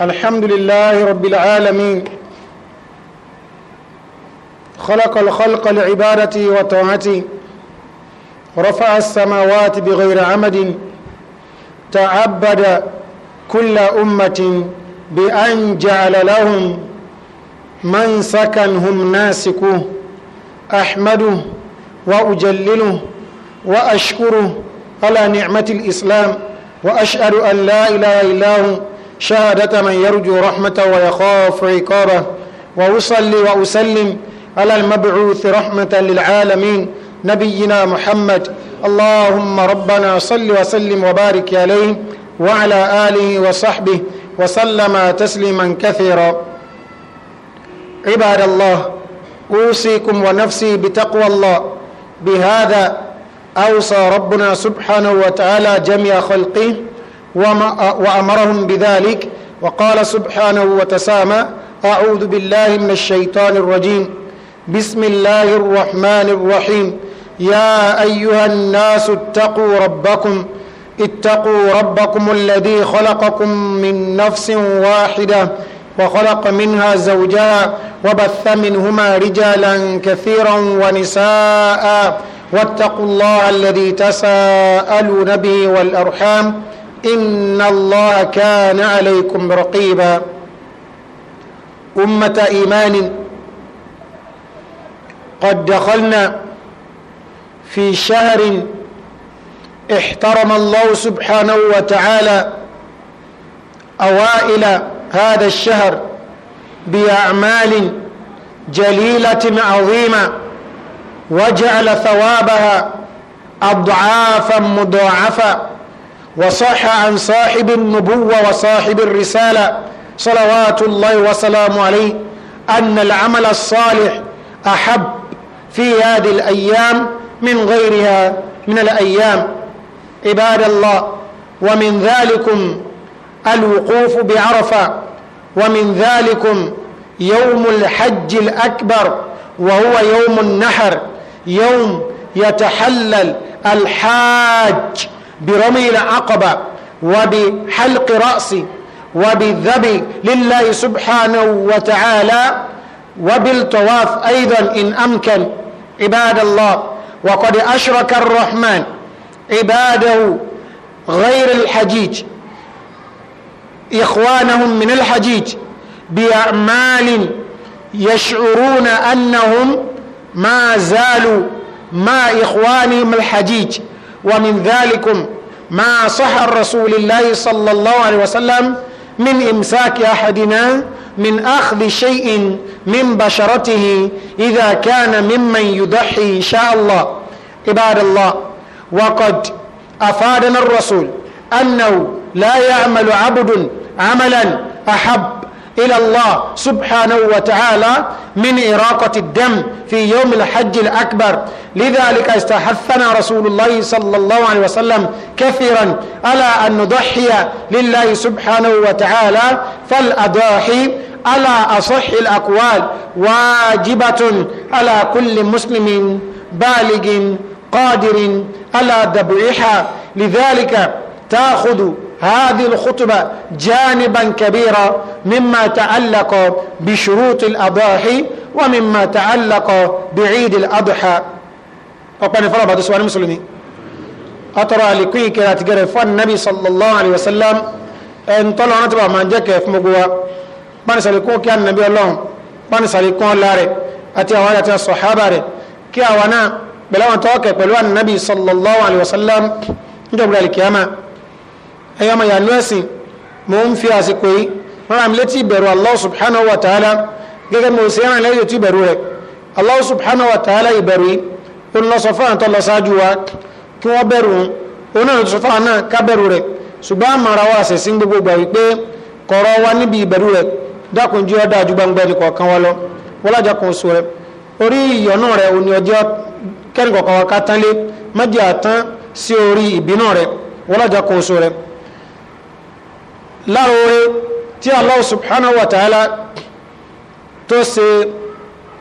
الحمد لله رب العالمين خلق الخلق لعبادتي وطاعتي رفع السماوات بغير عمد تعبد كل أمة بأن جعل لهم من سكنهم هم ناسكوه أحمده وأجلله وأشكره على نعمة الإسلام وأشهد أن لا إله إلا هو شهادة من يرجو رحمته ويخاف عقابه وأصلي وأسلم على المبعوث رحمة للعالمين نبينا محمد اللهم ربنا صل وسلم وبارك عليه وعلى آله وصحبه وسلم تسليما كثيرا عباد الله أوصيكم ونفسي بتقوى الله بهذا أوصى ربنا سبحانه وتعالى جميع خلقه وأمرهم بذلك وقال سبحانه وتسامى أعوذ بالله من الشيطان الرجيم بسم الله الرحمن الرحيم يا أيها الناس اتقوا ربكم اتقوا ربكم الذي خلقكم من نفس واحدة وخلق منها زوجها وبث منهما رجالا كثيرا ونساء واتقوا الله الذي تساءلون به والأرحام إن الله كان عليكم رقيبا أمة إيمان قد دخلنا في شهر احترم الله سبحانه وتعالى أوائل هذا الشهر بأعمال جليلة عظيمة وجعل ثوابها أضعافا مضاعفا وصح عن صاحب النبوة وصاحب الرسالة صلوات الله وسلامه عليه أن العمل الصالح أحب في هذه الأيام من غيرها من الأيام عباد الله ومن ذلكم الوقوف بعرفة ومن ذلكم يوم الحج الأكبر وهو يوم النحر يوم يتحلل الحاج برمي العقبة وبحلق رأسي وبالذبي لله سبحانه وتعالى وبالطواف أيضا إن أمكن عباد الله وقد أشرك الرحمن عباده غير الحجيج إخوانهم من الحجيج بأعمال يشعرون أنهم ما زالوا ما إخوانهم الحجيج ومن ذلكم ما صح الرسول الله صلى الله عليه وسلم من إمساك أحدنا من أخذ شيء من بشرته إذا كان ممن يضحي إن شاء الله عباد الله وقد أفادنا الرسول أنه لا يعمل عبد عملا أحب إلى الله سبحانه وتعالى من إراقة الدم في يوم الحج الأكبر لذلك استحثنا رسول الله صلى الله عليه وسلم كثيرا على أن نضحي لله سبحانه وتعالى فالأضاحي على أصح الأقوال واجبة على كل مسلم بالغ قادر على ذبحها لذلك تأخذ هذه الخطبة جانبا كبيرا مما تعلق بشروط الأضاحي ومما تعلق بعيد الأضحى أقبل فرابة سؤال مسلمي أترى لكي كلا تقرف النبي صلى الله عليه وسلم أن طلع نتبع ما جاك في مقوى من سألكون كان النبي الله من سألكون لاري أتي أولا أتي الصحابة ري كي أولا بلوان توقف بلوان النبي صلى الله عليه وسلم نجب للكيامة ẹ̀yà máa yà nú ẹ̀sìn mo ń fi àsìkò yìí rárá mi létí ìbẹ̀rù Allah subhanahu wa ta'ala gẹ́gẹ́ mo sì rán lẹ́yìn tí ìbẹ̀rù rẹ̀ Allah subhanahu wa ta'ala ìbẹ̀rù yìí ó ń lọ sọ fáwọn tó lọ ṣáájú wa kí wọ́n bẹ̀rù òun òun náà sọ fáwọn náà ká bẹ̀rù rẹ̀ ṣùgbọ́n àmàrà àtán sí orí ìbínú rẹ̀ wọ́lájà kan oṣù rẹ̀ lára oore tí Allah subhanahu wa ta'ala tó ṣe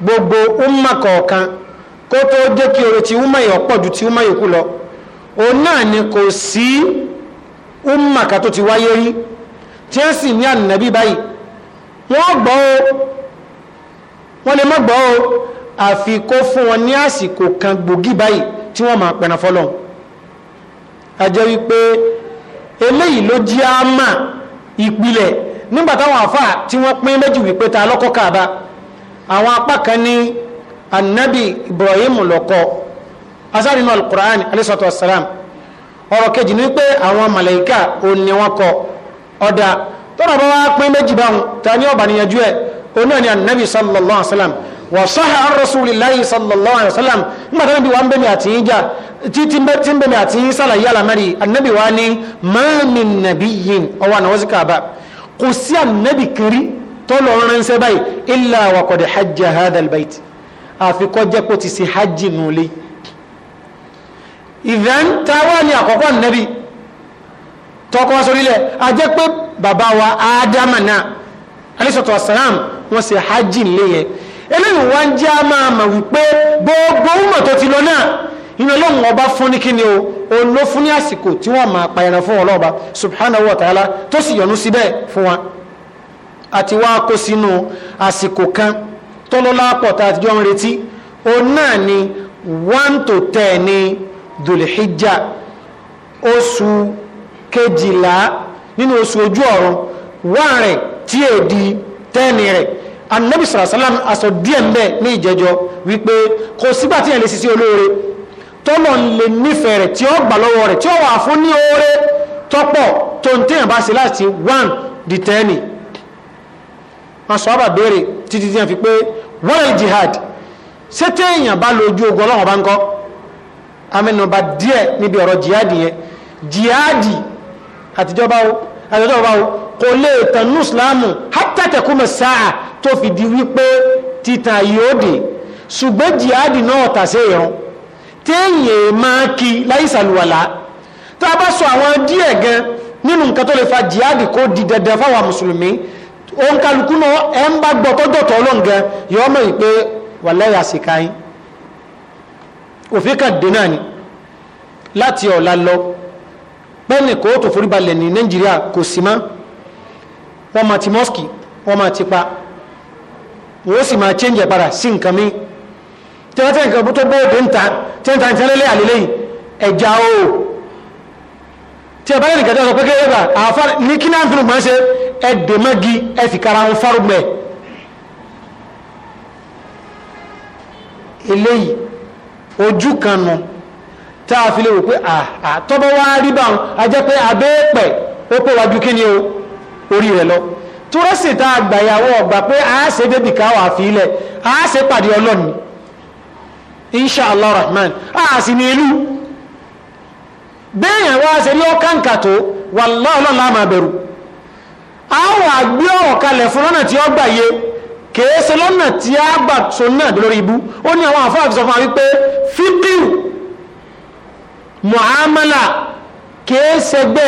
gbogbo umma kọ̀ọ̀kan kó tó jẹ́ kí oore tí umma yìí ọ̀pọ̀ ju ti umma yìí kú lọ òun náà ni kò sí umma kan tó ti wáyé rí tí ó sì ní ànàbí báyìí wọ́n gbọ́ o wọ́n lè mọ́ gbọ́ o àfi fún wọn ní àsìkò kan gbòógì báyìí tí wọ́n máa pẹ̀nà fọ́lọ́hun a jẹ́ wípé eléyìí ló jí á máa ìpìlẹ̀ nígbàtàwọn àfà tí wọ́n pín méjì wípé ta lọ́kọ́ kàbá àwọn apá kan ní annabi ibrahim lọ́kọ́ asárinu al-Qur'an alisatu wasalam ọ̀rọ̀ kejì ní pé àwọn màláíkà òun ni wọ́n kọ ọ̀dà tọ́nà bá wá pín méjì báwọn ta ní ọ̀bàníyànjú ẹ̀ òun náà ni annabi sallallahu alaihi wasallam wọ̀sọ́hà arọ́sùlìláyì sallallahu alaihi wasallam nígbàtà níbi wa ń bẹ̀mí àti ìjà títí tí ń bẹ̀mí àti ìsàlàyé alamari annabi wa ní mọ́mí nàbí yìn ọwọ́ àwọn sí kàbá kò sí annabi kiri tó lọ ránṣẹ́ báyìí illa wa qad hajja hadal bait àfikọ́ jẹ́ kó ti ṣe hajj nulẹ̀ ìdán táwa ni àkọ́kọ́ annabi tọkọ sórílẹ̀ a jẹ́ pé bàbá wa ádámà náà alayhi wọ́n ṣe hajj nlé yẹn eléyìí wá ń jẹ́ a máa mà wípé gbogbo ọmọ tó ti lọ náà inú ọlọ́run ọba fún ní kíni o òun ló fún ní àsìkò tí wọ́n máa pa ẹran fún ọlọ́ọ̀ba subhanahu wa ta'ala tó sì yọ́nú síbẹ̀ fún wa àti wá kó sínú àsìkò kan tọ́lọ́lá pọ̀ tá a ń retí òun náà ni one to ten ní dùlìhíjà oṣù kejìlá nínú oṣù ojú ọ̀run wá rẹ̀ tí èdè tẹ́ni rẹ̀ anabi sàrásálàm aṣọ díẹ̀ ń bẹ ní ìjẹjọ wípé kò sígbà tí ẹ̀ lè sisi olóore tọ́lọ̀ ń lè nífẹ̀ẹ́ rẹ̀ tí ó gbà lọ́wọ́ rẹ̀ tí ó wà fún ní oore tọ́pọ̀ tó ń tẹ̀yàn bá ṣe láti one di ten wọn sọ àbà béèrè títí tí wọn fi pé wọ́n jihad ṣé tẹ̀yàn bá lójú ogun ọlọ́wọ́n bá ń kọ́ amẹnubà díẹ̀ níbi ọ̀rọ̀ jihad yẹn jihad àtijọba o àtijọba o kò lè tẹnu islamu hátàtẹkùmọ̀ sáà tó fi di wípé títà yóò dé ṣùgbọ́n jihadi náà tàṣe ìrun téèyàn máa kí láìsàlùwàlá tá a bá sọ àwọn díẹ̀ gan nínú nǹkan tó lè fa jihadi kó di dandan fáwọn mùsùlùmí òun kálukú náà ẹ̀ ń bá gbọ́ tọ́jọ́ tọ́ lóǹgan yọ̀ọ́ mọ̀ pé wàlẹ́yà sì ká yín òfin kan dé náà ni láti ọ̀la lọ pẹ́ẹ́nì kò tó foríbalẹ̀ ní nàìjíríà kò sí mọ́ wọ́n máa ti mọ́sìkì wọ́n máa ti pa wọ́n sì máa change ẹ̀ padà sí nǹkan mi tí wọ́n tẹ̀ nǹkan tó bóde ń ta tí ń ta nǹkan lélẹ̀ àlélẹ́ yìí ẹ̀já o tí ẹ bá lẹ́nu kẹta sọ pé kéde bá àfa ní kí náà fi máa ṣe ẹ dè mọ́gi ẹ ń farugbẹ̀ eléyìí ojú kan nù tá a fi lè wò pé àtọ́bọ̀ wá rí báwọn a jẹ́ pé abẹ́ẹ̀pẹ̀ ó pè wájú kí ni o orí rẹ̀ lọ túrẹ́sì tá a gbàyàwó ọgbà pé a ṣe débi káwà fílẹ̀ a ṣe pàdé ọlọ́ni insha allah rahman a sì ní ìlú bẹ́ẹ̀yàn wá ṣe rí ọkànkà tó wallahi ọlọ́lá máa bẹ̀rù a wà gbé ọ̀rọ̀ kalẹ̀ fún lọ́nà tí ó gbà yé kèé ṣe lọ́nà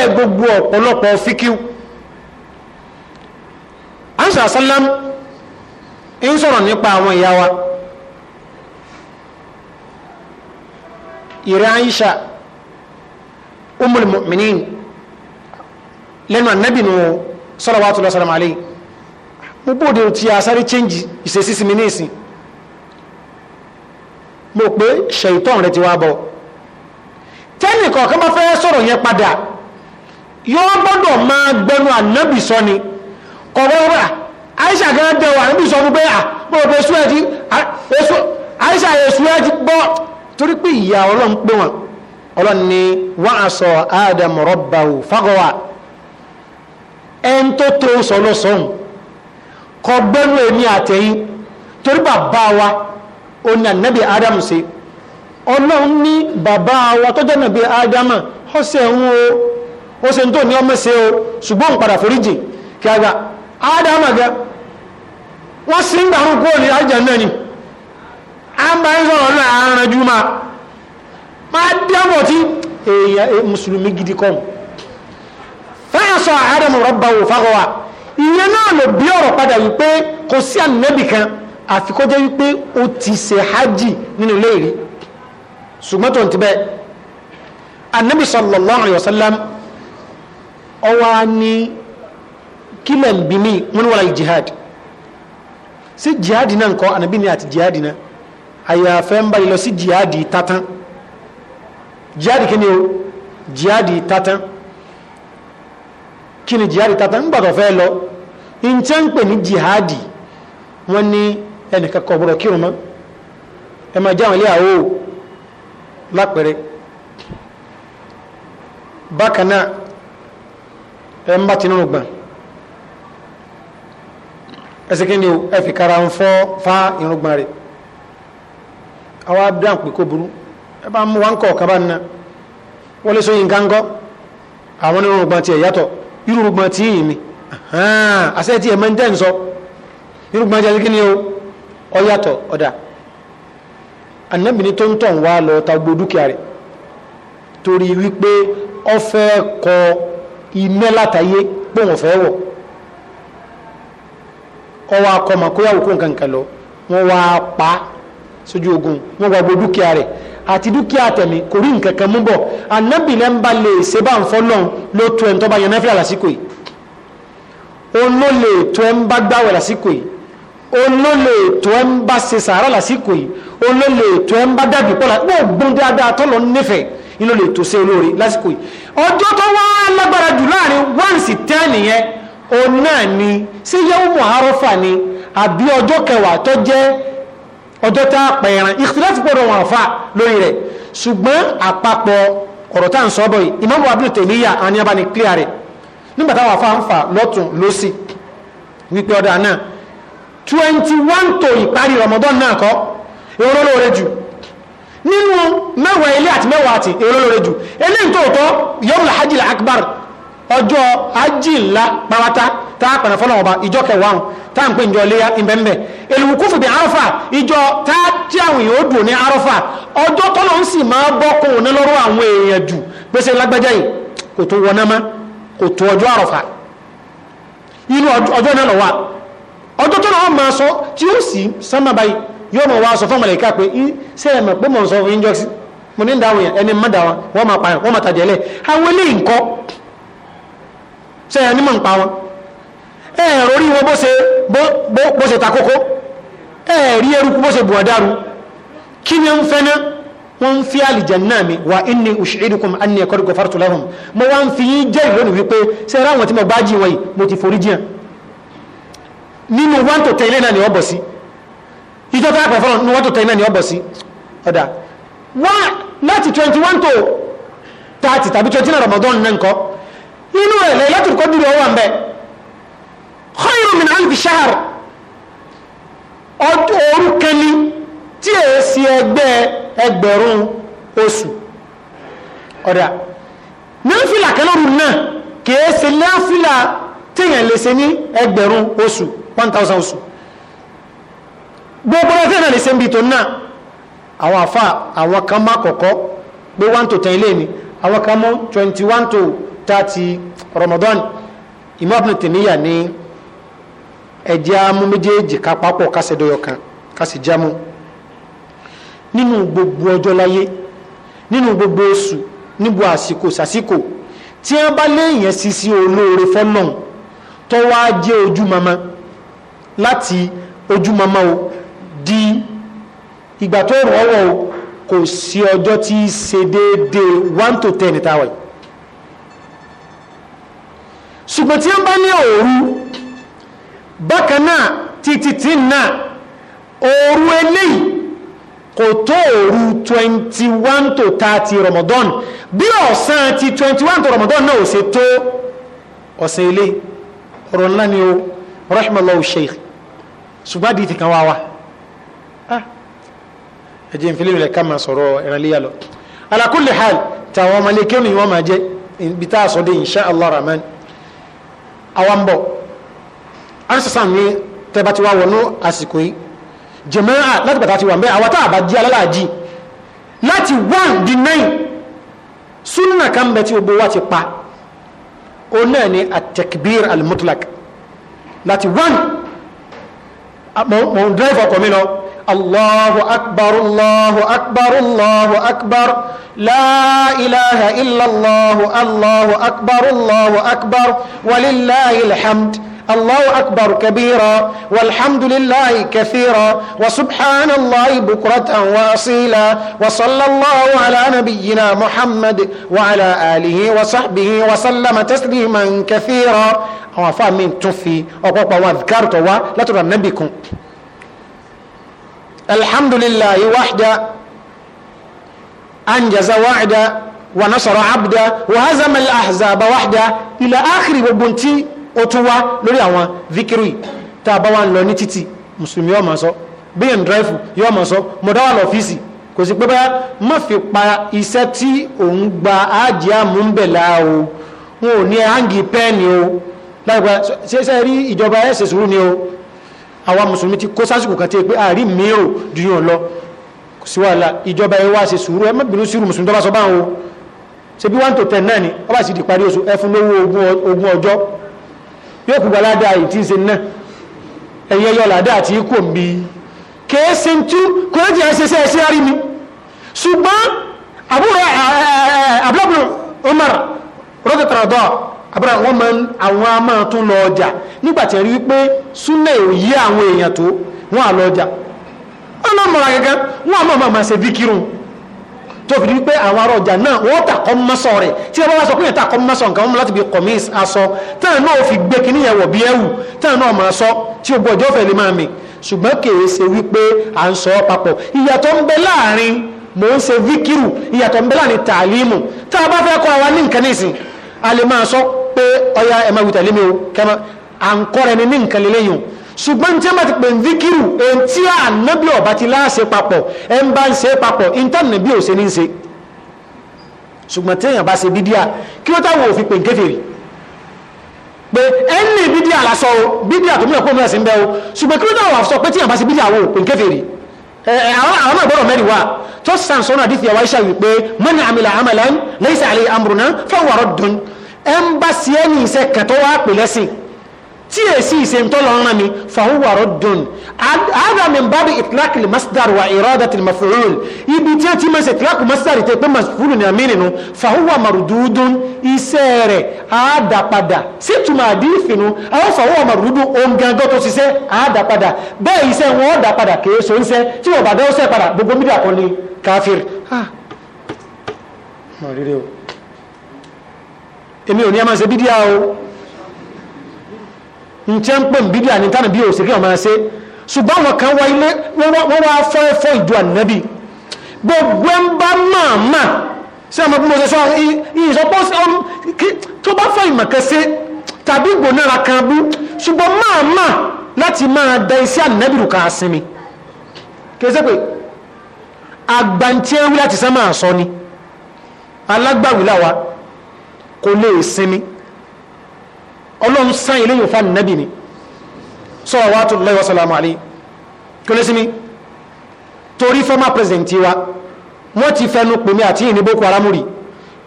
gbogbo ọ̀pọ̀lọpọ̀ fíkìú àníṣà sálám ń sọ̀rọ̀ nípa àwọn ìyá wa ìrẹ́ àníṣà umul mu'minin lẹ́nu ànábìnú salawatu lọ sọ́rọ̀ màálé mú bóde tí a sáré chẹ́njì ìṣesí sí mi ní ìsìn mo pé ṣèyítọ́n rẹ ti wá bọ̀ tẹ́nìkọ̀ọ́kan bá fẹ́ sọ̀rọ̀ yẹn padà yóò gbọ́dọ̀ máa gbẹnu ànábì sọ So kọ̀wọ́ Aisha gẹ́gẹ́ dẹwà níbi ìsọdún pé àpòpò ah, suwẹ́tì ah, Aisha èsù ẹ ti gbọ́ torí pé ìyá ọlọ́run pé wọn ọlọ́run ni wọ́n á sọ Adam rabbahu fagọ́wà tó tó sọlọ́sọ̀hún kọ gbẹ́nu èmi àtẹ̀yìn torí bàbá wa ó ní ànábì Adam ṣe ọlọ́run ní bàbá wa tó jẹ́ nàbí Adam ọ̀sẹ̀ ń wo ó ṣe ń tó ní ọmọ ṣe o ṣùgbọ́n padà foríjì kí a gbà ádámà gẹ wọ́n sì ń gbàrún kúrò ní àjànnà ni a ń bá ń sọ̀rọ̀ náà arànjú ma máa dábọ̀ tí èèyàn mùsùlùmí gidi kọ́ fẹ́ẹ̀sọ̀ ádámù rabbahu faghwa ìyẹn náà lè bí ọ̀rọ̀ padà wípé kò sí ànábì kan àfi kó jẹ́ wípé ó ti ṣe hajj nínú ilé ṣùgbọ́n tó ń sallallahu alayhi wa sallam kí lẹ̀ ń bí mi wọ́n ní wọ́n láyé jihad sí jihad náà nǹkan ànábì ní àti jihad náà àyàfẹ́ ń bá yìí lọ jihad tátán jihad kí ni o jihad tátán kí ni jihad tátán ń gbàdọ̀ fẹ́ lọ ìjẹ́ ń pè jihad wọ́n ní ẹnìkan kọ̀ bọ̀rọ̀ kírun mọ́ ẹ máa jáwọn ilé àwò lápẹ̀rẹ̀ bákan náà ẹ ń bá ẹsẹ̀ kí ni o ẹ fi kara ń fọ́ fá irúgbọ́n rẹ̀ àwa dáhùn pé kó burú ẹ bá mú wa ń kọ̀ ọ̀kan bá nínú wọ́n lè sọyìn nǹkan kọ́ àwọn onírúgbọ́n tiẹ̀ yàtọ̀ irúgbọ́n tí yìí mi àṣẹ tí ẹ̀ máa ń dẹ́n sọ irúgbọ́n tiẹ̀ kí o ọ yàtọ̀ ọ̀dà ànábì ni tó ń tọ̀ ta gbogbo dúkìá rẹ̀ torí wípé ọ fẹ́ kọ iná látàyé pé òun ọwọ́ akọ́mọ kó yàwó nǹkan kan lọ wá pa sójú ogun wọ́n wá gbọ́ dúkìá rẹ̀ àti dúkìá tẹ̀mí kò rí nǹkan kan mú bọ̀ anábì náà ń ba lè ṣe bá ń fọ́ lọ́n ló tu ẹ̀ ń tọ́ bá yan náfìlà lásìkò yìí òun ló lè tu ẹ̀ ń bá gbàwẹ̀ lásìkò yìí òun ló lè tu ẹ̀ ń bá ṣe sàárà lásìkò yìí òun ló lè tu ẹ̀ ń bá dàbí pọ̀ lásìkò yìí dáadáa tó lọ nífẹ̀ẹ́ inú tó ṣe olóore lásìkò yìí ọjọ́ tó wá lágbára jù láàrin wáǹsì tẹ́ẹ̀ nìyẹn òun náà ni ṣé yẹ́wùmù àárọ̀fà ni àbí ọjọ́ kẹwàá tó jẹ́ ọjọ́ tá a pẹ̀ ẹran ìkìtìláfì pọ̀rọ̀ wọn àfà lórí rẹ̀ ṣùgbọ́n àpapọ̀ ọ̀rọ̀ tá à sọ bọ̀ yìí Imam Abdul Taymiyyah àní abáni clear rẹ̀ nígbà táwọn afá ń fà lọ́tún lọ́sì wípé ọ̀dà náà twenty one tó ìparí Ramadan náà kọ́ èrò lóore jù nínú mẹ́wàá ilé àti mẹ́wàá àti èrò lóore jù eléyìí tó tọ́ yọ̀mùlá hajj akbar ọjọ́ ajì ńlá pàwátá tá a ọba ìjọ kẹwàá tá ń pè ìjọ léyà ìbẹ̀m̀bẹ̀ èlùkúfù bí arọ́fà ìjọ tá tí àwọn èèyàn ó dùn ní arọ́fà ọjọ́ tọ́lọ́ ń sì máa bọ́ kó ní lọ́rọ́ àwọn èèyàn jù pèsè náà lọ́wọ́ ọjọ́ sọ tí ó sì sánmà báyìí yóò sọ fún pé pé mọ̀ sọ mo ní yẹn ẹni wọ́n máa pààyàn wọ́n máa tàjẹ́lẹ̀ àwọn nǹkan ṣe ẹni mọ̀ ń pa wọn ẹ̀ẹ̀rọ orí wọn bó ṣe takókó ẹ̀ẹ̀rí eruku bó ṣe bù ọ̀dáru kí ni ń fẹ́ náà wọ́n ń fi àlìjànnà mi wà inni ushidukum anni ẹ̀kọ́ dùgbò fàrùtù lahum mo wá ń fi yín jẹ́ ìlónìí wípé ṣe ni ọ bọ̀ sí ìjọ tó àpẹ̀ ni ọ bọ̀ sí ọ̀dà láti 21 to 30 tàbí 29 Ramadan náà nǹkan nínú rẹ̀ Laylatul Qadr ọwọ́ àmbẹ khairu min alfi shahr òru kẹni tí è sí ẹgbẹ́ ẹgbẹ̀rún oṣù ọ̀dà náfìlà kẹlọ́rù náà kìí ṣe náfìlà tíyàn lè ṣe ní ẹgbẹ̀rún oṣù 1000 oṣù gbogbo ẹgbẹ́ náà lè ṣe ń bí tó náà àwọn àfà àwọn kan má kọ̀kọ́ pé 1 to 10 ilé ni àwọn kan mú 21 to 10 Tati Ramadan Imam Ibn Taymiyyah ní ẹ̀jẹ̀ amú méjèèjì ká papọ̀ kásẹ̀dọ̀yọ̀ kan kásì jámú nínú gbogbo ọjọ́ láyé nínú gbogbo oṣù níbo àsìkò sàsìkò tí wọ́n bá léèyàn sí olóore fọ́nàn tó wá jẹ́ ojú mama láti ojú mama o di ìgbà tó rọ̀ ọ̀wọ̀ o kò sí ọjọ́ tí ṣe déédéé one to ten táwa yìí ṣùgbọ́n tí ó bá ní òru bákan náà títí náà òru eléyìí kò tó òru 21 tó 30 Ramadan bí ọ̀sán ti 21 tó Ramadan náà ò ṣe tó ọ̀sán ilé ọ̀rọ̀ ńlá ni o rahimallahu sheikh ṣùgbọ́n àdìtì kan wá wa ah, ẹjẹ ìfìlẹ̀ ìrẹ̀ ká máa sọ̀rọ̀ ìrànlẹ́yà lọ ala kulli hal tàwọn ọmọ ni wọ́n máa jẹ́ ibi tá a sọ dé Allah rahman Awambo, bọ̀ arísàsàn ní tẹ́bà ti wá wọnú àsìkò yìí jẹ̀mẹ́rà láti pàtàkì wà mẹ́ àwọn tààbà jí alálàájì láti 1 di 9 súnà kan bẹ tí gbogbo wa ti pa ó náà ni at al-mutlak láti 1 mo drive ọkọ̀ mi lọ الله أكبر الله أكبر الله أكبر لا إله إلا الله الله أكبر الله أكبر ولله الحمد الله أكبر كبيرا والحمد لله كثيرا وسبحان الله بكرة وأصيلا وصلى الله على نبينا محمد وعلى آله وصحبه وسلم تسليما كثيرا وفهم تفي وقوة واذكرت لا ترى نبيكم الحمد لله وحده أنجز وعده ونصر عبده وهزم الأحزاب وحده إلى آخر بنتي أتوا lórí àwọn ذكري tá bá wà ń lọ ní títì mùsùlùmí yóò máa sọ bíyàn dráìfù yóò máa sọ mọ̀dáwà lọ́fíìsì kò sí pé bá má fi pa iṣẹ́ tí òun gba ájì àmúbẹ̀lá o wọn ò ní hangi pẹ́ẹ̀ni o láìpẹ́ ṣe rí ìjọba ẹ̀ṣẹ̀ sùúrù ni o àwa mùsùlùmí ti kó sásìkò kan tẹ́ pé àárí mìíràn dùn yàn lọ sí wàhálà ìjọba ẹ wá sùúrù ẹ bínú sùúrù mùsùlùmí tó sọ báwọn o ṣe bí one to ten náà ni wọ́n bá sì di parí oṣù ẹ fún lówó ogún ọjọ́ yóò kú gbalada ìtí ṣe náà ẹ̀yẹ yọ làdá àti ikú òmbi kèése tú kò ní ti abúlé àwọn máa ń àwọn a máa tún lọ ọjà nígbà tí rí pé súnlẹ̀ ò yí àwọn èèyàn tó wọn à lọ ọjà ọlọ́mọra gẹ́gẹ́ wọn àmọ́ máa ṣe bí kírun tó fi di pé àwọn ará ọjà náà wọ́n tàkọ́ mọ́sọ̀ rẹ̀ tí ẹ bá wá sọ pé yẹn tàkọ́ mọ́sọ̀ nǹkan wọn láti bí kọ̀mís aṣọ táwọn náà fi gbé kíní yẹn wọ̀ bí ẹ̀wù táwọn náà máa sọ tí o gbọ́ fẹ́ lè máa mi ṣùgbọ́n kèé ṣe wípé à ń sọ papọ̀ ìyàtọ̀ ń bẹ láàrin mò ń ṣe víkírù ìyàtọ̀ ń bẹ láàrin tàlímù tá bá fẹ́ kọ́ àwa ní nǹkan nísìnyí a pe oya sọ pé ọya ẹ̀ma wùtà lémi o kẹ́mọ́ à ń kọ́ ẹni ní nǹkan lélẹ́yìn o ṣùgbọ́n tí a máa ti pè ń díkìrù èyí tí ànábì ọ̀bá ti láàṣẹ papọ̀ ẹ̀ ń bá ń ṣe papọ̀ íńtánẹ̀tì bí ò ṣe ní ṣe ṣùgbọ́n téèyàn bá ṣe bídíà kí ó táwọn òfin pè ń kéfèrè pé ẹni bídíà lásọ o bídíà tó mú ẹ̀kọ́ mú ẹ̀sìn bẹ́ o ṣùgbọ́n kí ó táwọn àfisọ pé téèyàn bá ṣe bídíà wo pè ń kéfèrè Eh, eh, àwọn àgbọ̀rọ̀ mẹ́rin wa tó sàn sọ́nà àdìsí àwọn iṣẹ́ yìí pé mọ́nà àmìlà àmàlà ń lẹ́sẹ̀ àlẹ́ àmùrùnà fẹ́wọ̀rọ̀ dùn ẹ̀ ń bá sí ẹ̀yìn iṣẹ́ kẹtọ́ wá pè tí èsì ìsèntọ́lọ́rán mi fàhúwà rọ́dùn ádámi bábi ìtìlákì masdar wa ìrọ́dàtì mafi'ul ibi tí a ti mẹ́sẹ̀ ìtìlákì masdar ìtẹ́ pé mafi'ul ní àmì nínú fàhúwà marududun iṣẹ́ rẹ̀ àádápadà sí túnmọ̀ àdífinu àwọn fàhúwà marududun ongangan tó ṣiṣẹ́ àádápadà bẹ́ẹ̀ iṣẹ́ wọn dápadà kìí so ń tí wọ́n bàdá ó sẹ́ padà gbogbo mídà kan ní káfíìr ah! èmi ò ní a máa ṣe bídíà o ntí ń pè bídí àní tánà bí òsèké ọmọ ẹsẹ ṣùgbọ́n wọn kan wá ilé wọ́n wá fọ́ ẹ̀fọ́ ìdú ànábì gbogbo ń bá màmá sí ọmọ bí mo ṣe sọ ìṣọpọ̀ tó bá fọ ìmọ̀kẹsẹ tàbí gbònára kan bú ṣùgbọ́n màmá láti máa da iṣẹ́ ànábì rù ká sinmi kẹsẹ́ pé àgbàntiẹ́wí láti sẹ́ máa sọ ni alágbàwí làwa kò lè sinmi ọlọ́run sàn ilé yóò fa nàbì ni sọ̀rọ̀ wa tó lọ́yọ̀ sọ̀lámù àlẹ́ kí ló sí mi torí former president wa wọ́n ti fẹnu pè mí àti ìní boko haram rí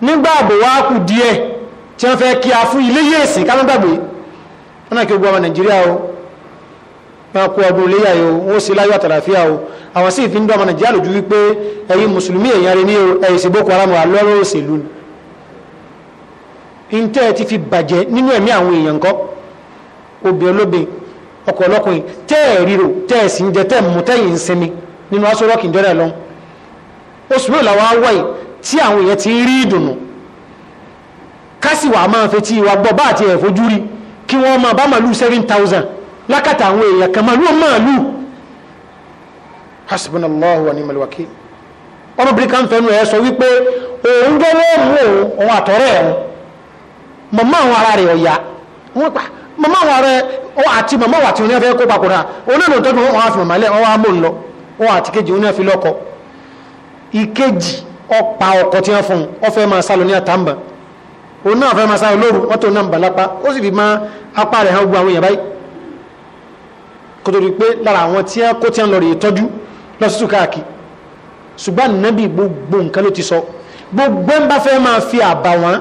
nígbà àbò wa kù díẹ̀ tí wọ́n fẹ́ kí a fún ilé yìí èsì ká má gbàgbé wọn náà kí gbogbo ọmọ nàìjíríà o wọn kó ọdún iléyà o wọn o àwọn sì fi ń dọ́ ọmọ nàìjíríà lójú wípé ẹ̀yin mùsùlùmí èèyàn rẹ ntẹ́ ti fi bàjẹ́ nínú ẹ̀mí àwọn èèyàn kọ́ obìnrin olóbìn ọkọ̀ ọlọ́kùnrin tẹ́ ẹ̀ ríro tẹ́ ẹ̀ sì ń jẹ tẹ́ ẹ̀ mú tẹ́yìn ń sinmi nínú aṣọ rọ́ọ̀kì ń jọ́rẹ̀ lọ́n oṣù mélòó làwọn awọ́ yìí tí àwọn èèyàn ti ń rí ìdùnnú kásìwà máa fetí wa gbọ́ bá àti ẹ̀fojú rí kí wọ́n máa bá màlúù seven thousand lákàtà àwọn èèyàn kan màlúù màlúù hasbunallahu wa ni'mal wakil ọmọbìnrin kan fẹnu ẹ sọ wípé òun gbọ́dọ̀ mú òun àtọ̀rẹ́ ẹ̀hún mama àwọn ara rẹ̀ ọ̀yà wọ́n pa màmá àwọn ara ọ àti màmá wà tí wọ́n ní afẹ́ kó papọ̀ náà onílò tó fi wọ́n fi màmá lẹ̀ wọ́n wá mò ń lọ wọ́n àti kejì wọ́n ní afẹ́ lọ́kọ ìkejì ọ̀pá ọkọ̀ tí wọ́n fún wọn fẹ́ máa sálọ ní àtàǹbà òun náà fẹ́ máa sáré lóru wọ́n tó náà ń bà lápá ó sì fi máa apá rẹ̀ hàn gbogbo àwọn èèyàn báyìí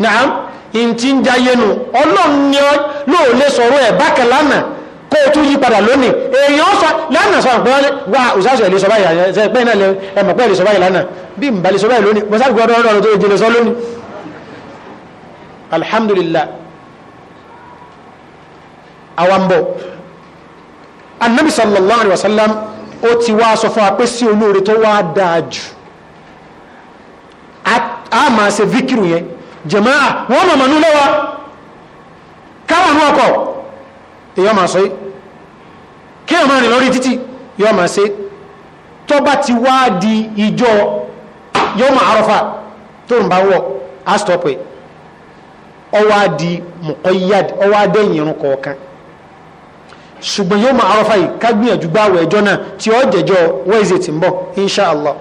naam ntí ń jayé nu ọlọ́run ni ọ lóò lè sọ̀rọ̀ ẹ̀ bákẹ́ lánàá kó o tún yí padà lónìí èèyàn sọ lánàá sọ àpò wọn wá òṣàṣọ ìlú sọba yìí àṣẹ pẹ́ náà ẹ̀mọ̀ pẹ́ ìlú sọba lánàá bí n balẹ̀ sọba lónìí mo sábà gbọ́dọ̀ ọ̀rọ̀ tó o jìnnà sọ lónìí. alhamdulillah awambo anabi sallallahu alayhi wa ó ti wá sọ fún apẹ́ sí olóore tó wá dáa jù a máa ṣe fíkìrù yẹn Jamaa, wọ́n mọ̀ mọ̀nú lọ́wọ́ káwànú ọkọ̀ èyọ́ máa sọ é kí ọmọ rìn lórí títì yọ́ máa ṣe tó bá ti wá di ìjọ yọ́ máa arọ́fà tó ń bá wọ̀ á ọwá di mọ̀kọ́yád ọwá dẹ́yìn irun kọ̀ọ̀kan ṣùgbọ́n yóò máa arọ́fà yìí kágbìyànjú gbà wọ ẹjọ́ náà tí ó jẹjọ́ wẹ́ẹ̀zẹ̀ tí ń bọ̀ inṣáàlá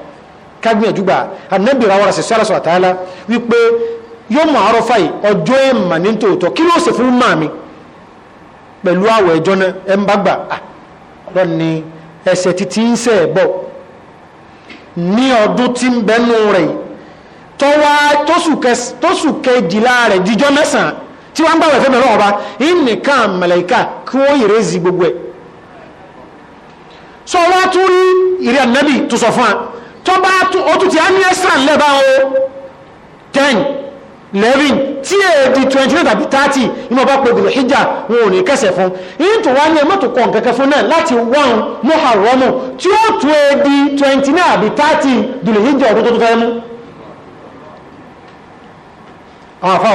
kágbìyànjú gbà anábìrà wọ́n rà sí sọ́rọ̀ wípé yóò mọ̀ àárọ̀fà yìí ọjọ́ ẹ̀ mà ní tòótọ́ kí ló ṣe fún màá mi pẹ̀lú àwọ̀ ẹ̀jọ́ náà ẹ̀ ń bá gbà lọ́nà ni ẹsẹ̀ títí ń sẹ̀ bọ̀ ní ọdún tí ń bẹnu rẹ̀ tọ́wá tóṣù kejìlá rẹ̀ jíjọ́ mẹ́sàn-án tí wọ́n ń bàwẹ̀ fẹ́mi ọlọ́wọ́ bá nìkan mẹ̀lẹ́kà kí wọ́n yèrè zi gbogbo ẹ̀ sọ wá tún rí ìrìn ànábì tó sọ fún wa tọ́ bá ó tún ti á ní ẹ̀sán lẹ́bàá o ten lẹ́rìn tí è di 29 tàbí 30 inú ọba pẹ̀lú ìjà wọn ò ní kẹsẹ̀ fún yìí tó wá ní ẹmọ́ tó kọ̀ fún náà láti wọ́n mọ́hàrọ́mù tí ó tó è di 29 àbí 30 dùlù ìjà ọdún tó tó fẹ́ mú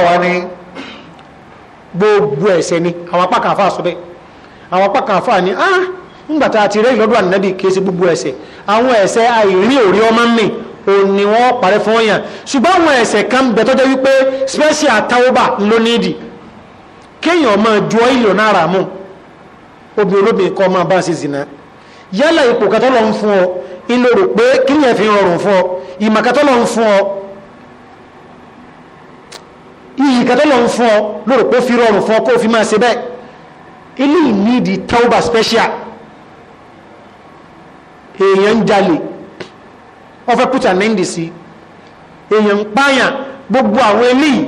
wa ní gbogbo ni àwọn apá kan afá àwọn apá kan afá ah àti òun ni wọ́n parẹ́ fún ọ̀yàn ṣùgbọ́n àwọn ẹ̀ṣẹ̀ kan bẹ̀ tọ́jọ́ wípé special tawba ló nídìí kéèyàn máa ju ọ̀ìlò náà rà mú obì olóbìn kọ́ máa bá sí zina yálà ipò kẹtọ́ lọ ń fún ọ ilé rò pé kíyàn fi rọrùn fún ọ ìmọ̀ kẹtọ́ lọ ń fún ọ iyì kẹtọ́ ń fún ọ lórò pé fi rọrùn fún ọ kó fi máa ṣe bẹ́ẹ̀ ilé ìnídìí tawba special èèyàn ń jalè ọfẹ́ pútà nẹ́ndì sí èèyàn ń pààyàn gbogbo àwọn eléyìí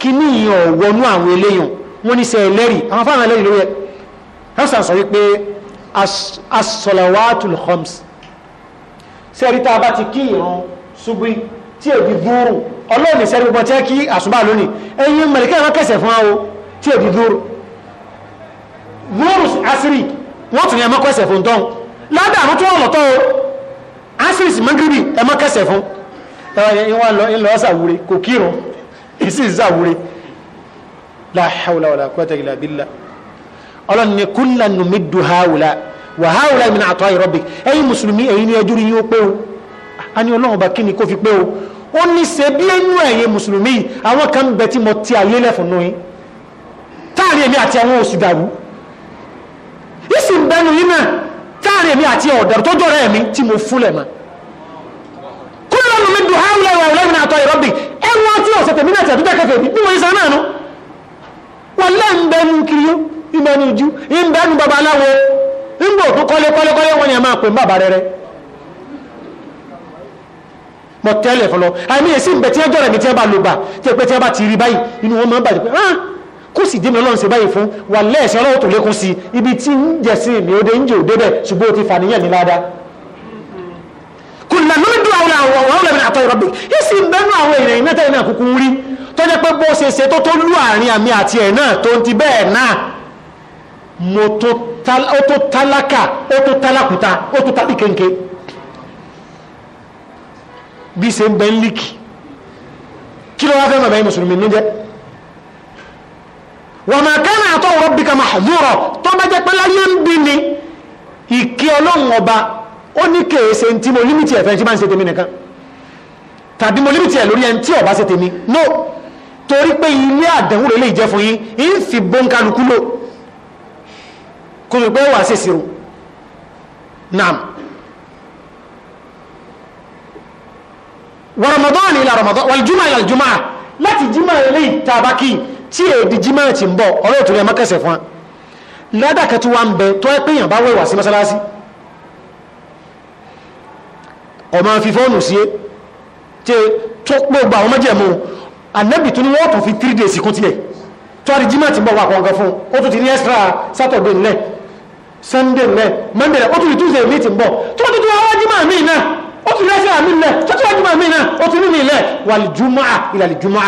kí ní ìyàn ọ̀wọ́nú àwọn eléyàn wọ́n ní sẹ ẹlẹ́rì àwọn fáwọn ẹlẹ́rì lórí ẹ̀ hẹ́sà sọ wípé asọ̀làwàtúl khams sẹ́rí tá a bá ti kí ìran ṣubú tí èdè dúró ọlọ́run ní sẹ́rí gbogbo tí kí àṣùbà lónìí ẹ̀yin mẹ̀lẹ́kẹ́ ẹ̀rọ kẹsẹ̀ fún àwọn tí èdè dúró dúró asiri wọ́n tún ní ẹ̀mọ́kọ́ ẹ̀sẹ̀ fún tán asirisi mọ́gírìbì ẹ má kẹsẹ̀ fún ìwọ̀n lọ sàwúre kò kírun ìsì sàwúre la hawla wala quwwata illa billah ọlọ́run ni kúnlá numiddu haula wà haula min ata'i rabbik ẹ̀yin mùsùlùmí ẹ̀yin ni ẹjú rí yín ó pé o a ní ọlọ́run ọba kí ni kó fi pé o ó ní ṣe bí ẹnu ẹ̀yin mùsùlùmí àwọn kan bẹ tí mo ti ayé lẹ́fọ̀n nù yín táàrin èmi àti àwọn oṣù dàrú ìsìn bẹnu yín náà táàrin èmi àti ọ̀dọ̀rọ̀ tó jọ́rọ̀ ẹ̀mí tí mo fúnlẹ̀ ma kúlọ̀nù mi dùn áwùlẹ̀ ìwà ọ̀lẹ́mìn àtọ̀ ìrọ́bì ẹwọ́n tí ọ̀sẹ̀ tèmi náà tẹ̀dúdẹ̀ kẹfẹ́ bí wọ́n sọ náà nù wọ́n lẹ́ ń bẹ nu kiri yó ń bẹ ju ń bẹ nu baba aláwo ń bò tó kọ́lé kọ́lé kọ́lé wọn ni a máa pè ń bàbá rẹ rẹ mọ tẹ́lẹ̀ fọlọ àmì èsì ń bẹ tí ẹjọ́ rẹ̀ mi tí ẹ bá lo gbà tí ẹ pé tí ẹ bá ti rí báyìí inú wọn máa bàjẹ́ pé ah kó sì dínà lọ́nà sí báyìí fún wà lẹ́ẹ̀ṣẹ́ ọlọ́wọ́ tó lékún sí ibi tí ń jẹ̀sí ní ó dé ń jẹ́ ò débẹ̀ ṣùgbọ́n ó ti fàníyàn ní ládá kùnà ló dún àwọn àwọn àwọn ọlọ́bìnrin àtọ́ ìrọ́bì ìsì ń bẹ́nu àwọn èèyàn ìmẹ́ta ìrìnà kúkú rí tó jẹ́ pé bó ṣe ṣe tó tó bí ṣe ń bẹ́ ń líkì kí ló wá fẹ́ mọ̀ bẹ́ẹ̀ mùsùlùmí níjẹ́ wàmà kánà àtọ̀ rabbika mahzura tó bá jẹ́ pé láyé ń bí ni ìkí ọlọ́run ọba ó ní kèése tí mo límìtì ẹ̀fẹ́ tí bá ń ṣe tèmi nìkan tàbí mo límìtì ẹ̀ lórí ẹni tí ọba ṣe tèmi no torí pé ilé àdánwò lè jẹ́ fún yín ń fi bóńkálukú lò kò sì pé wà á ṣèṣirò naam wa Ramadan ila Ramadan wal jumu'a ila al jumu'a láti jùmọ̀ ilé ìtabakí tí èdè jimá ti ń bọ̀ ọlọ́run tó rí ẹmọ kẹsẹ̀ fún wa ládàkẹ́ tí wọ́n ń bẹ tó ẹ pé èèyàn bá wẹ̀wà sí mọ́sálásí ọmọ fi fóònù sí é e. tí tó gbogbo àwọn mọ́jẹ̀mú anábì tó ní wọ́n tó fi 3 days kún tilẹ̀ tó rí jimá bọ̀ wà kọ̀ọ̀kan fún ó tún ti ní extra saturday nílẹ̀ sunday nílẹ̀ monday nílẹ̀ ó tún ti tuesday mi ti ń bọ̀ tó tún ti wọ́n wá jimá mi náà ó tún ti rẹ́sẹ̀ mi nílẹ̀ tó tún wá jimá mi náà ó tún ní mi nílẹ̀ wà lè jùmọ́ à lè jùmọ́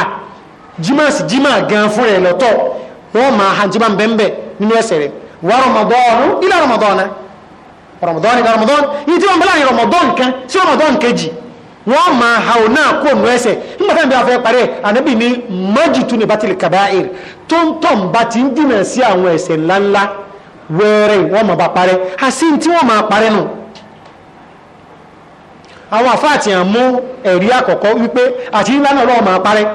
jimá jima jimá gan fún rẹ̀ lọ́tọ̀ wọ́n máa ha ji bẹ́ẹ̀ nínú ẹsẹ̀ rẹ̀ wà rọmọdọ́ọ̀nù ilé rọmọdọ́ọ̀nà rọmọdọ́ọ̀nù ilé rọmọdọ́ọ̀nù yìí tí wọ́n bẹ́ẹ̀ láàrin rọmọdọ́ọ̀nù kan sí rọmọdọ́ọ̀nù kejì wọ́n máa ha ò náà kó nù nígbà parí ní tó ń tọ̀ ń sí àwọn ńláńlá wẹ́ẹ́rẹ́ máa bá àti tí máa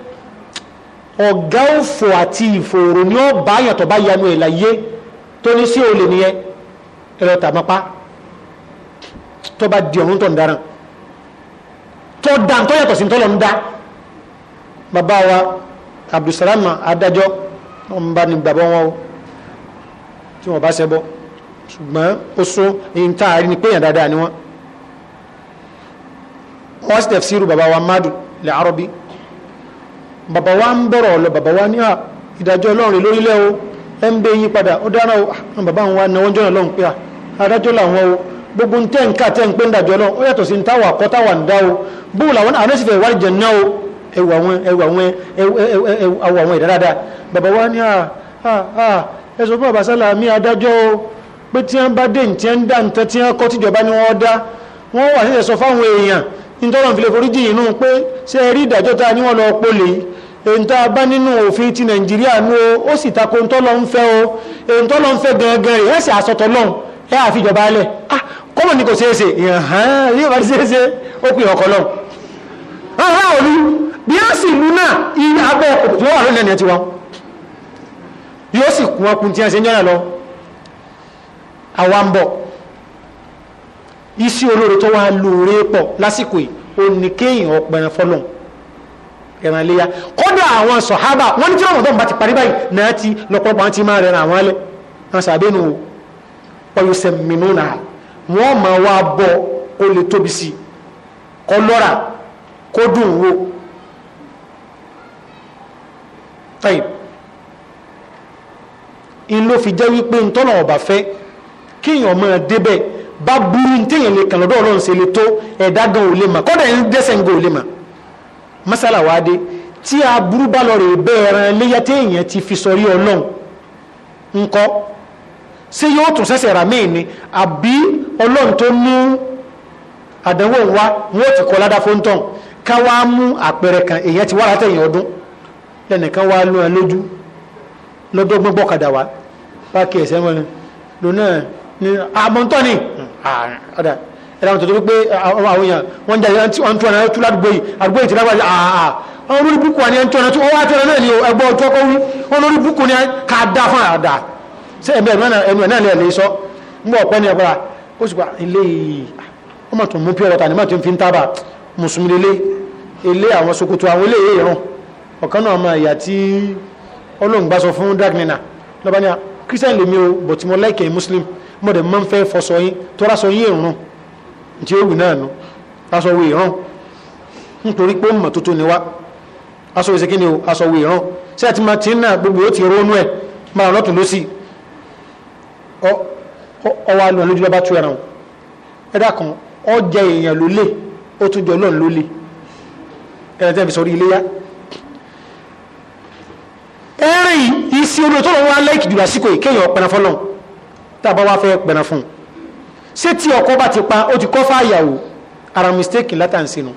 ọ̀gá òfò àti ìfòòrò ní ọba àyàn tó bá yanu ẹ̀ láyé tó ní sí olè nìyẹn ẹ̀rọ tàmápá tó bá di ọ̀run tó ń daràn tó dá tó yàtọ̀ sí tọ́lọ̀ ń dá bàbá wa Abdulsalam adájọ́ wọn bá ní bàbá wọn o tí wọn bá ṣẹbọ ṣùgbọ́n ó sún ní tá a rí ni pé yàn dáadáa ni wọn wọn sì tẹ̀síìrù bàbá wa madu lẹ́ arọ́bí bàbá wa ń bọ̀rọ̀ lọ bàbá wa ní à ìdájọ́ ọlọ́run lórílẹ̀ o ẹ ń bẹ yín padà ó dára o ah, àwọn bàbá wọn náà wọ́n jọ́nà lọ́hùn pé à adájọ́ làwọn o gbogbo ń tẹ́ nǹka tẹ́ ń pé ń dàjọ́ lọ́hùn ó yàtọ̀ sí ń táwà kọ́ táwà ń dá o bóòlù àwọn àwọn ẹ̀sìn fẹ́ wárí jẹ ná o ẹwà àwọn ẹwà àwọn ẹwà àwọn ìdáradá bàbá wa ní à à ẹ sọ fún bàbá sálà mi adájọ́ o pé tí wọ́n bá dé ní tí wọ́n dá nǹkan tí wọ́n kọ́ tíjọba ni wọ́n dá wọ́n wà nílẹ̀ sọ fáwọn èèyàn nítorí wọn fi lè forí jìn inú pé ṣé ẹ rí ìdájọ́ ta ni wọ́n lọ polè èyí tá a bá nínú òfin ti nàìjíríà nú o ó sì tako ń tọ́lọ́ ń fẹ́ o èyí tọ́lọ́ ń fẹ́ gangan rẹ̀ ẹ̀ àsọtọ̀ náà ẹ̀ àfijọba alẹ̀ ah kọ́mọ̀ ní kò ṣeé ṣe ìhàn yóò bá ṣeé ṣe ó pè ọkọ̀ náà ọ̀hán òru bí a sì lú náà iye abẹ́ òkùnkùn wà lónìí ẹni ti wọn yóò sì kún ọkùn tí a ṣe ń jọ́nà lọ àwa ń bọ̀ isi olóore tó wá lóore pọ lásìkò yìí ó ní kéèyàn ọ̀pẹ̀rẹ̀ fọlọ́n ya kọdụ kódà àwọn sọ̀hábà wọ́n ní tí wọ́n bá ti parí báyìí náà ti lọ́pọ̀lọpọ̀ àwọn ti máa rẹ̀ràn àwọn alẹ́ àwọn sàbẹ̀nu ọ̀yọ̀sẹ̀ mìíràn náà wọ́n máa bá buru téèyàn lè kànlọ́dọ̀ ọlọ́run ṣe lè tó ẹ̀dá gan ò lè mà kọ́dà ẹni dẹ́sẹ̀ ń gan masala wa dé tí a buru bá lọ rè bẹ́ẹ̀ ẹran léyà téèyàn ti fi sọrí ọlọ́run ńkọ́ ṣé yóò tún sẹ́sẹ̀ rà míì ni àbí ọlọ́run tó mú àdánwò wa wọ́n ti kọ́ ládá fóńtọ̀n ká wá mú kan èèyàn ti wá látẹ̀yìn ọdún lẹ́nìkan wá lóra lójú lọ́dọ́ gbọ́gbọ́ kadà wá ẹ̀sẹ̀ wọn lónà àmọ́ntọ́ni Ah. ọ̀dà ẹ̀rọ tó tó pé àwọn èèyàn wọ́n jẹ́ wọ́n tún ọ̀nà tó ládùúgbò yìí àdúgbò yìí ti àà wọ́n lórí búkú wa ni ẹ̀ ń wọ́n náà ni ẹgbọ́ ọjọ́ kọ́ wí wọ́n lórí búkú ni ká dá fún àdá ṣé ẹ̀mí ẹ̀mí náà lè sọ ń bọ̀ ọ̀pẹ́ ni ó sì gba a ah, o mo muslim mo dẹ̀ máa ń fẹ́ fọṣọ yín tọ́ra sọ yín ìrún tí ó wù náà nu aṣọ wo ìrún nítorí pé mọ̀ tuntun ni wá aṣọ ìṣe kíni o aṣọ wo ìrún sí àti máa ti ń náà gbogbo ó ti rónú ẹ̀ máa lọ́tún lọ́sì ọwọ́ àlọ́ lójú lọ́ba tú ẹran ẹ dákan ọ jẹ èèyàn ló lè ó tún jọ lọ́n ló lè ẹ̀rẹ́ tẹ́ fi sọ rí iléyá ẹ̀rìn ìsìn olóòtú ọ̀rọ̀ wa láìkì jù lásìkò yìí kéèyàn ọ̀pẹ̀nafọ́lọ́n tàbá wá fẹ́ pẹ̀rẹ̀ fún un ṣé tí ọkọ bá ti pa ó ti kọ́ fàyàwó ara mistake látàǹsìnù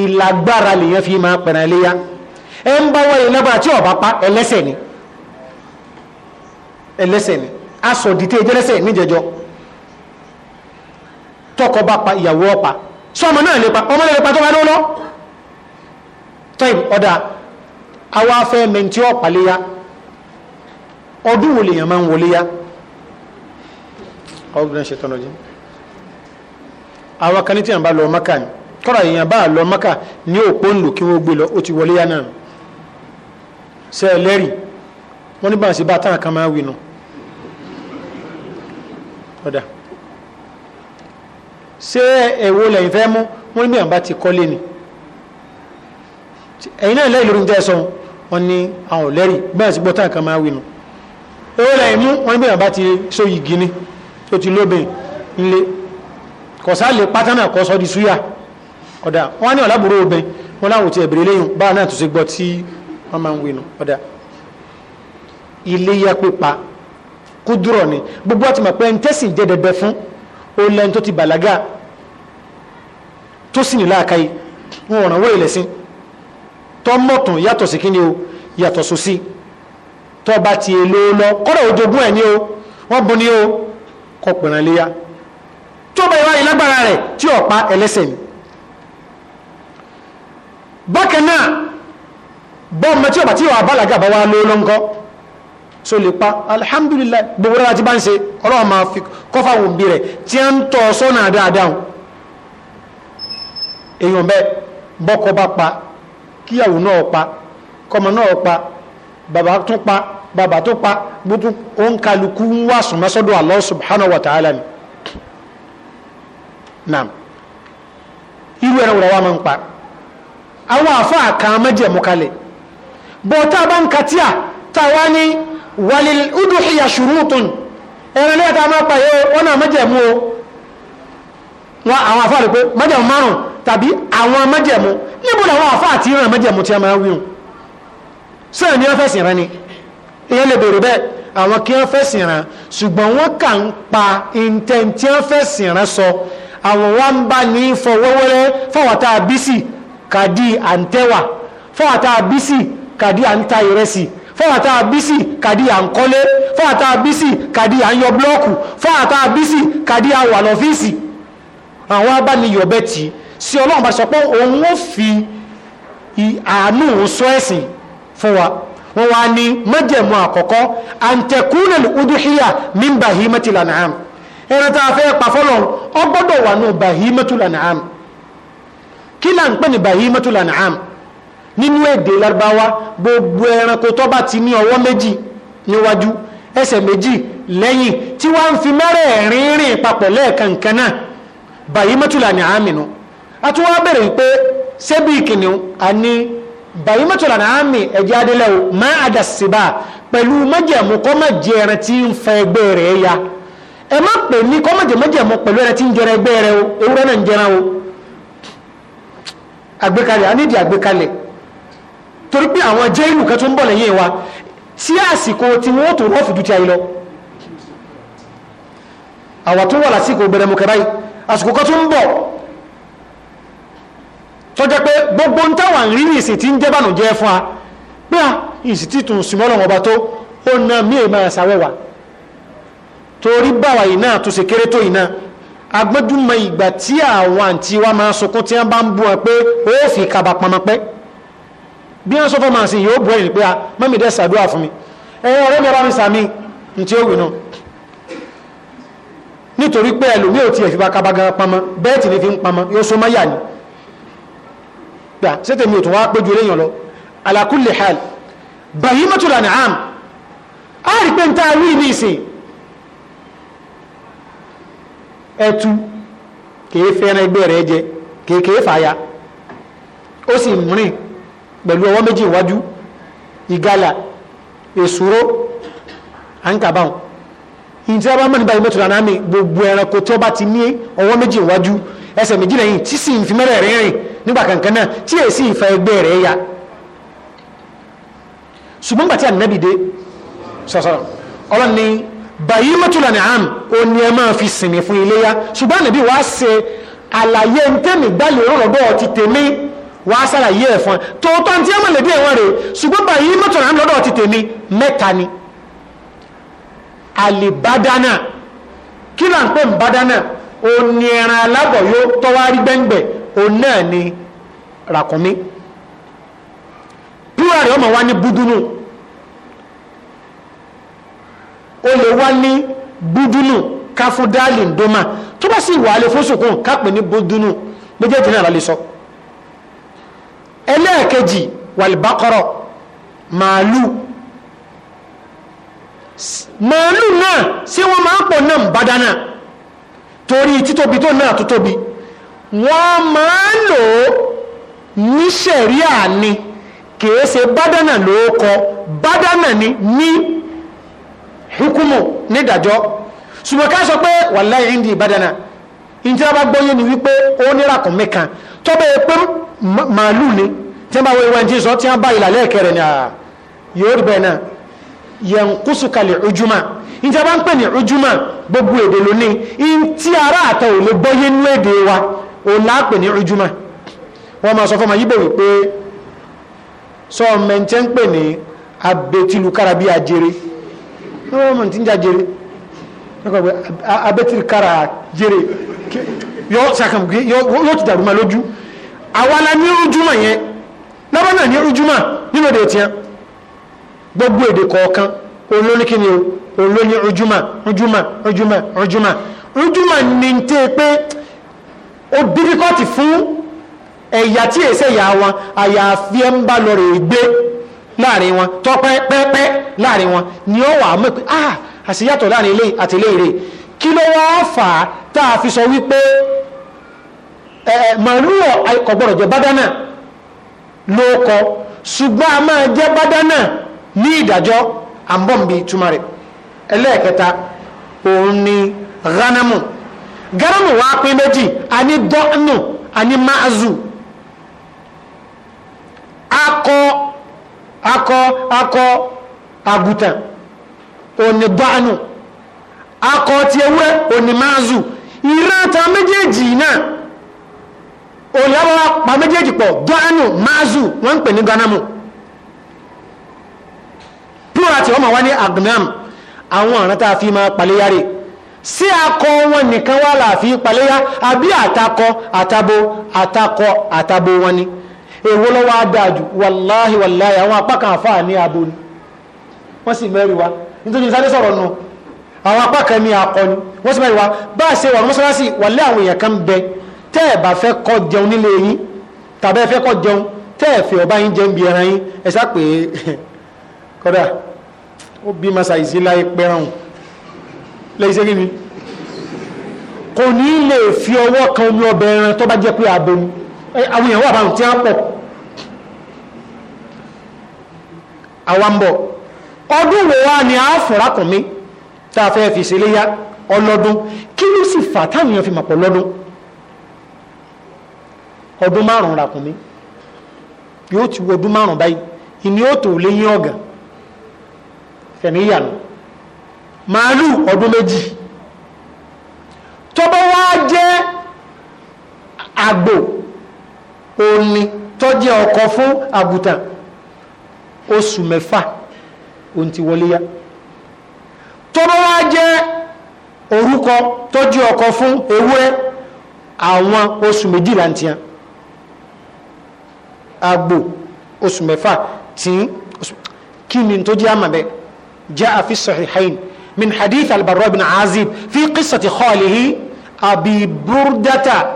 ìlágbára lèyàn fi máa pẹ̀rẹ̀ léyà ẹ ń bá wáyé lágbára tí ọba pa ẹlẹ́sẹ̀ ni ẹlẹ́sẹ̀ ni aṣọ dìtẹ́ ìjẹ́lẹ́sẹ̀ níjẹjọ́ tọkọ bá pa ìyàwó ọ̀pá sọmọ náà lè pa ọmọ náà lè pa tó bá dúró lọ tọ́yìn ọ̀dà àwa afẹ́ mẹ́ntì ọ̀pá léyà ọdún wo lèyàn máa ń wọlé ọdún ṣe tọ́nà jí tí a bá lọ maka ni kọ́ra èèyàn bá lọ maka ní òpó ń lò kí wọ́n gbé lọ ó ti wọlé yá náà ṣe ẹlẹ́rìí wọ́n ní bá ṣe bá táwọn kan máa winu ọ̀dà ṣé ẹ̀wò lẹ́yìn fẹ́ mú wọ́n ní bí àwọn bá ti kọ́lé ni ẹ̀yin náà lẹ́yìn lórí ń tẹ́ sọ wọn àwọn lẹ́rìí bá ṣe gbọ́ táwọn kan máa winu ẹ̀wò lẹ́yìn mú wọ́n ní bí àwọn bá ti sọ yìí gíní. So tó ti lóbin ilé kọ̀sá lè pátánà kọ́ sọ di súyà ọ̀dà wọ́n ní ọ̀làbúrò obìn wọ́n láwọn ti ẹ̀bẹ̀rẹ̀ léyìn bá náà tó ṣe gbọ́ tí wọ́n máa ń wé nù ọ̀dà ilé yẹ pípa kú dúrọ̀ ni gbogbo ọtí mọ̀ pé ń tẹ́sìn jẹ́ dẹ̀dẹ̀ fún ó lẹ́ni tó ti bàlágà tó sì ní láàkáyé wọn ò ràn ilẹ̀ sí tọ́mọ̀tún yàtọ̀ sí kíni o yàtọ̀ sósì tọ́ba ti èlò lọ kọ́dọ̀ kọpìnrin léyà tó bá ìwà ìlágbára rẹ̀ tí ọ̀pá ẹlẹ́sẹ̀ ni bákan náà bọ́ọ̀mọ tí ọ̀pá tí ìwà bálàgà bá wá ló lọ́nkọ́ so lè pa alhamdulillah gbogbo rẹ̀ ti bá ń ṣe ọlọ́run máa fi kọ́fà wò bí rẹ̀ tí a ń tọ́ sọ́nà dáadáa èèyàn bẹ́ẹ̀ bọ́kọ bá pa kíyàwó náà pa kọmọ náà pa bàbá tún pa bàbá tó pa gbogbo òǹkàlùkù ń wá sùnmọ́sọ́dọ̀ Allah subhanahu wa ta'ala ni naam irú ẹran wùrọ̀ wa máa ń pa àwọn àfáà kan mẹ́jẹ̀mú kalẹ̀ bọ́ tá a bá ń katíà tá a wá ní walil udhiya shurutun ẹran lẹ́yìn tá a máa pa yóò wọ́n náà mẹ́jẹ̀mú o wọn àwọn àfáà rẹ̀ pé mẹ́jẹ̀mú márùn tàbí àwọn mẹ́jẹ̀mú níbo làwọn àfáà ti ràn mẹ́jẹ̀mú tí a máa wíhun sẹ́yìn ni wọ́n rẹ ni ìyẹn lè bèrè bẹ́ẹ̀ àwọn kí wọ́n fẹ́ sìnrán ṣùgbọ́n wọ́n kà ń pa intent tí wọ́n fẹ́ sọ àwọn wa ń bá ní fọwọ́wọ́rẹ́ fọwọ́ta bísì kàdí àǹtẹ́wà fọwọ́ta bisi kàdí àǹta ìrẹsì fọwọ́ta bísì kàdí àǹkọ́lé fọwọ́ta bísì kàdí àǹyọ búlọ́ọ̀kù fọwọ́ta bísì kàdí àwà lọ́fíìsì àwọn abániyọ̀bẹ tí sí ọlọ́run bá sọ pé òun ó fi àánú sọ ẹ̀sìn fún wa. wọ́n wá ní májẹ̀mú àkọ́kọ́ àǹtẹ̀kúnlẹ̀ udúhíyà min bahimatil an'am ẹran tá a fẹ́ pa fọ́lọ̀ ọ gbọ́dọ̀ wà nù bahimatul an'am kí là ń pè ní bahimatul an'am nínú èdè Lárúbáwá gbogbo ẹranko tó bá ti ní ọwọ́ méjì níwájú ẹsẹ̀ méjì lẹ́yìn tí wọ́n fi mẹ́rẹ̀ẹ̀rin rìn papọ̀ lẹ́ẹ̀kan kan náà bahimatul an'am nù a bẹ̀rẹ̀ pé ṣebí kìnìún a ní bàyí mọ́tòlá náà mi ẹ̀jẹ̀ adélẹ̀ o má àdàsíbà pẹ̀lú májẹ̀mú kọ́mọ̀jẹ̀ ẹran tí ń fẹ́ ẹgbẹ́ rẹ̀ ya ẹ má pè ní kọ́mọ̀jẹ̀ májẹ̀mú pẹ̀lú ẹran tí ń jẹran ẹgbẹ́ rẹ̀ o ewúrẹ́ náà ń jẹran o àgbékalẹ̀ anídìí àgbékalẹ̀ torí pé àwọn jẹ́ìlù kan tó ń bọ̀ lẹ́yìn wa tí àsìkò tí wọ́n tó rọ́ọ̀fù ju ti ayé lọ tọ́jẹ́ pé gbogbo ń táwà ń rí ní ìsìn tí ń jẹ́ bànú jẹ́ fún wa pé à ìsìn tí tún súnmọ́ lọ́wọ́ ọba tó ó na mí èèmọ̀ àṣàwẹ̀wà torí báwa iná tó ṣe kéré tó iná agbẹ́dúnmọ̀ ìgbà tí àwọn àǹtí wa máa sunkún tí wọ́n bá ń bú wọn pé ó fi kaba pamọ́pẹ́ bí wọ́n sọ fún màá sí yóò bú ẹ̀yìn pé a mọ́mí dẹ́ ṣàdúrà fún mi ẹ̀yìn ọ̀rẹ́ mi ọba mi sàmì ní tí ó wì náà nítorí pé ẹlòmí ò tiẹ̀ fi bá kaba gan pamọ́ bẹ́ẹ̀ tì ní fi ń pamọ́ yóò so máyà ni gbà sẹ́tẹ̀mí ò tún wá péjú lọ a rí pé ń rí ní ìsìn kìí fẹ́ràn ẹgbẹ́ rẹ̀ jẹ kìí kìí ó sì pẹ̀lú ọwọ́ méjì ìgalà èsúró a bá mọ̀ nípa gbogbo ẹranko tí ti ní ọwọ́ méjì ẹsẹ̀ méjì lẹ́yìn tí sì fi mẹ́rẹ̀ nígbà kankan náà tí èsì ìfẹ́ ẹgbẹ́ rẹ̀ ya ṣùgbọ́n gbàtí ànábì dé sọ̀sọ̀rọ̀ ọlọ́run ni bàyí mọ́tòlá ní àm ó ní ẹ máa fi sinmi fún iléyá ṣùgbọ́n ànábì wàá ṣe àlàyé ntẹ́mi gbálẹ̀ òróròbọ̀ ti tèmi wàá ṣàlàyé ẹ̀ fún tòótọ́ ntí ẹ mọ̀lẹ́bí ẹ̀wọ̀n rẹ̀ ṣùgbọ́n bàyí mọ́tòlá ní lọ́dọ̀ ti tèmi tọ́wárí gbẹ́ngbẹ́ òun náà ni ràkúnmí púrà rẹ̀ ọmọ wa ní búdúnù ó lè wá ní búdúnù ká fún dáàlì ndómà tó bá sì wà á lè fún sùkún ká pè ní búdúnù méjèèjì náà lè sọ ẹlẹ́ẹ̀kejì wàlìbákọ́rọ̀ màálù màálù náà sí wọ́n máa ń pọ̀ náà bàdánà torí títóbi tó náà tó tóbi. Tó wọ́n máa ń lò ó ní sẹ̀ríà ni kìí ṣe bádánà ló kọ bádánà ni ní hukumu nídàjọ́ ṣùgbọ́n ká sọ pé wàláyé ń di ìbádánà ìjọba bá gbóyé ni wípé ó nira kùn mí kan tọ́bẹ̀ pé màálù ni tí wọ́n bá wọ ìwé ẹni sọ tí wọ́n bá ìlàlẹ́ ẹ̀kẹrẹ ni yóò rí bẹ́ẹ̀ náà yẹn kúsù kalẹ̀ ojúmọ́ ìjọba ń pè ní ojúmọ́ gbogbo èdè lónìí ìntí ara àtọ̀ ò lè nínú èdè wa o ní ojúmọ́ wọ́n ma sọ fọ́mọ yíbò wípé sọ́ọ̀mẹ́ntẹ́ ń pè ní abetilukára bí ajere wọ́n mọ̀ tí ń jajere jere yóò sàkàmùgbé yóò ti dàrú lójú àwọ́lá ní ojúmọ́ yẹn lọ́bọ̀nà ní nínú èdè gbogbo èdè kọ̀ọ̀kan olóníkíni olóní ojúmọ́ ojúmọ́ ojúmọ́ ojúmọ́ ni ń pé ó dífíkọ́tì fún ẹ̀yà tí èsẹ̀ ìyá wọn àyàfi ẹ̀ ń bá lọ rè gbé láàrin wọn tọ́ pẹ́pẹ́pẹ́ láàrin wọn ni ó wà mọ̀ pé ah àṣeyàtọ̀ láàrin ilé àti ilé ìrè kí ló wá fà á tá a fi sọ wípé màlúù kò gbọ́dọ̀ jẹ́ bádánà ló kọ ṣùgbọ́n a máa jẹ́ bádánà ní ìdájọ́ àbọ̀nbí túmọ̀ rẹ̀ ẹlẹ́ẹ̀kẹta òun ni ghanamu garu-mu wa pin-meji ani gano ani maazu akọ-akọ-akọ-agutan oni gano akọ-otu-ewe oni maazu ni rata na naa olu-abara pa meji-epo gano maazu nwọn nkpe ni gana mu pura ti o ma wa ni agunam awon anarata-afi ma palo sí akọ wọn nìkan wà láàfin paléyà àbí àtakọ àtabo àtakọ àtabo wọn ni èwo lọ́wọ́ adájú wàláhì wàláhì àwọn apá kan abo ni wọ́n sì mẹ́rin wa nítorí sáré sọ̀rọ̀ nù àwọn apá kan ní akọ ni wọ́n sì mẹ́rin wa bá a ṣe wà mọ́sálásì wàlẹ́ àwọn èèyàn kan bẹ tẹ́ ẹ̀ tàbí ẹ fẹ́ kọ́ ọba yín jẹun bí ẹran yín ẹ sá pé kọ́dà ó bí masa lẹ́yìn sẹ́yìn mi kò ní lè fi ọwọ́ kan omi ọbẹ̀ ẹran tó bá jẹ́ pé ààbò mu àwọn èèyàn wà báwọn tí a pọ̀ àwa ọdún wo wá ni a fọ̀rá kàn mí tá a fẹ́ fi ṣe léyà ọlọ́dún kí ló sì fà táwọn èèyàn fi mà pọ̀ lọ́dún ọdún márùn-ún ràkùn mi yóò ti wo ọdún márùn-ún báyìí ìní ó tò léyìn ọ̀gàn fẹ̀mí yànnà màálù ọdún méjì tọ́bọ́ wá jẹ́ àgbò òní tọ́jẹ́ ọkọ fún àgùtàn oṣù mẹ́fà òun ti wọlé yá tọ́bọ́ wá jẹ́ orúkọ tọ́jú ọkọ fún ewúrẹ́ àwọn oṣù méjìlá ń tiẹ́ àgbò oṣù mẹ́fà tí kí ni tó jẹ́ àmàbẹ́ jẹ́ àfi sahihain من حديث البراء بن عازب في قصة خاله أبي بردة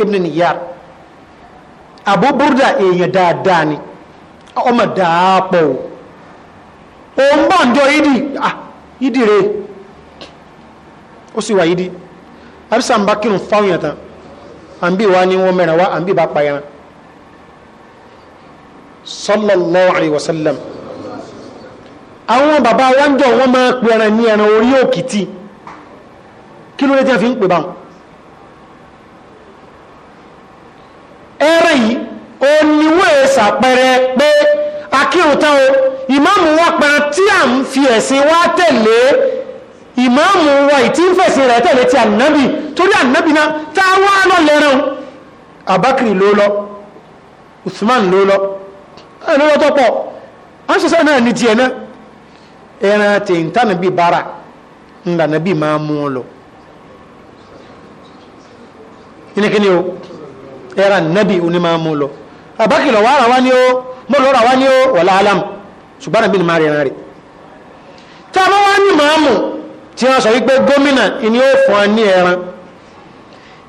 ابن نيار أبو بردة إيه داداني أما أبو أما عنده إيدي آه إيدي ري أسوى إيدي أرسل مبكين فاوية أمبي واني ومنا وأنبي باقبايا صلى الله عليه وسلم àwọn bàbá wa ń jọ wọ́n máa pe ẹran ní ẹran orí òkìtì kí ló dé tí wọ́n fi ń pè báwọn ẹran yìí oníwé ṣàpẹrẹ pé akíhùntá o ìmáàmù wa pẹran tí à ń fi ẹ̀sìn wa tẹ̀lé ìmáàmù wa ìtí ń fẹ̀sìn rẹ̀ tẹ̀lé ti ànábì torí ànábì náà táwa a ń náà ẹran tèntànà bíi bara ńlànà bíi máa mú un lọ kíníkíní o ẹran nẹ́bí oní máa mú un lọ àbákìlọ̀ wà rà wá ní o mọ́lọ́ rà wá ní o wọ̀lá alam ṣùgbọ́n nàbí ni máa rí ẹran rẹ̀ tá a bá wá ní màámù tí wọ́n sọ wípé gómìnà ni ó fún ọ ní ẹran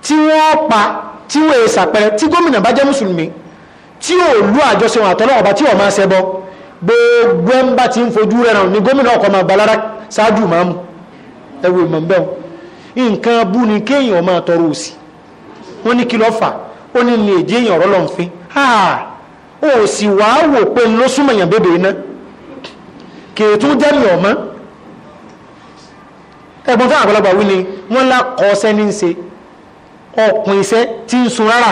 tí wọ́n pa tí wọ́n èsàpẹrẹ tí gómìnà bá jẹ́ mùsùlùmí tí ò lú àjọṣe wọn àtọ́lọ́wọ́ bá tí ò máa ṣẹbọ gbogbo ẹ̀ ń bá ti ń fojú rẹ̀ ràn ní gómìnà ọkọ̀ máa balára ṣáájú máa mú ẹwù ìmọ̀ ń bẹ́ wọn nǹkan bú ni kéèyàn máa tọrọ òsì wọn ní kí ló fà ó ní lè jẹ́ èèyàn ọ̀rọ̀ lọ́nfin ó sì wàá wò pé ló súnmọ̀ èèyàn bèbè iná kèétún jẹ́rìí ọ̀mọ́ ẹ̀gbọ́n fún àgbàlagbà wí ni wọ́n lá kọ́ sẹ́ni ń ṣe ọ̀pìn iṣẹ́ tí ń sun rárá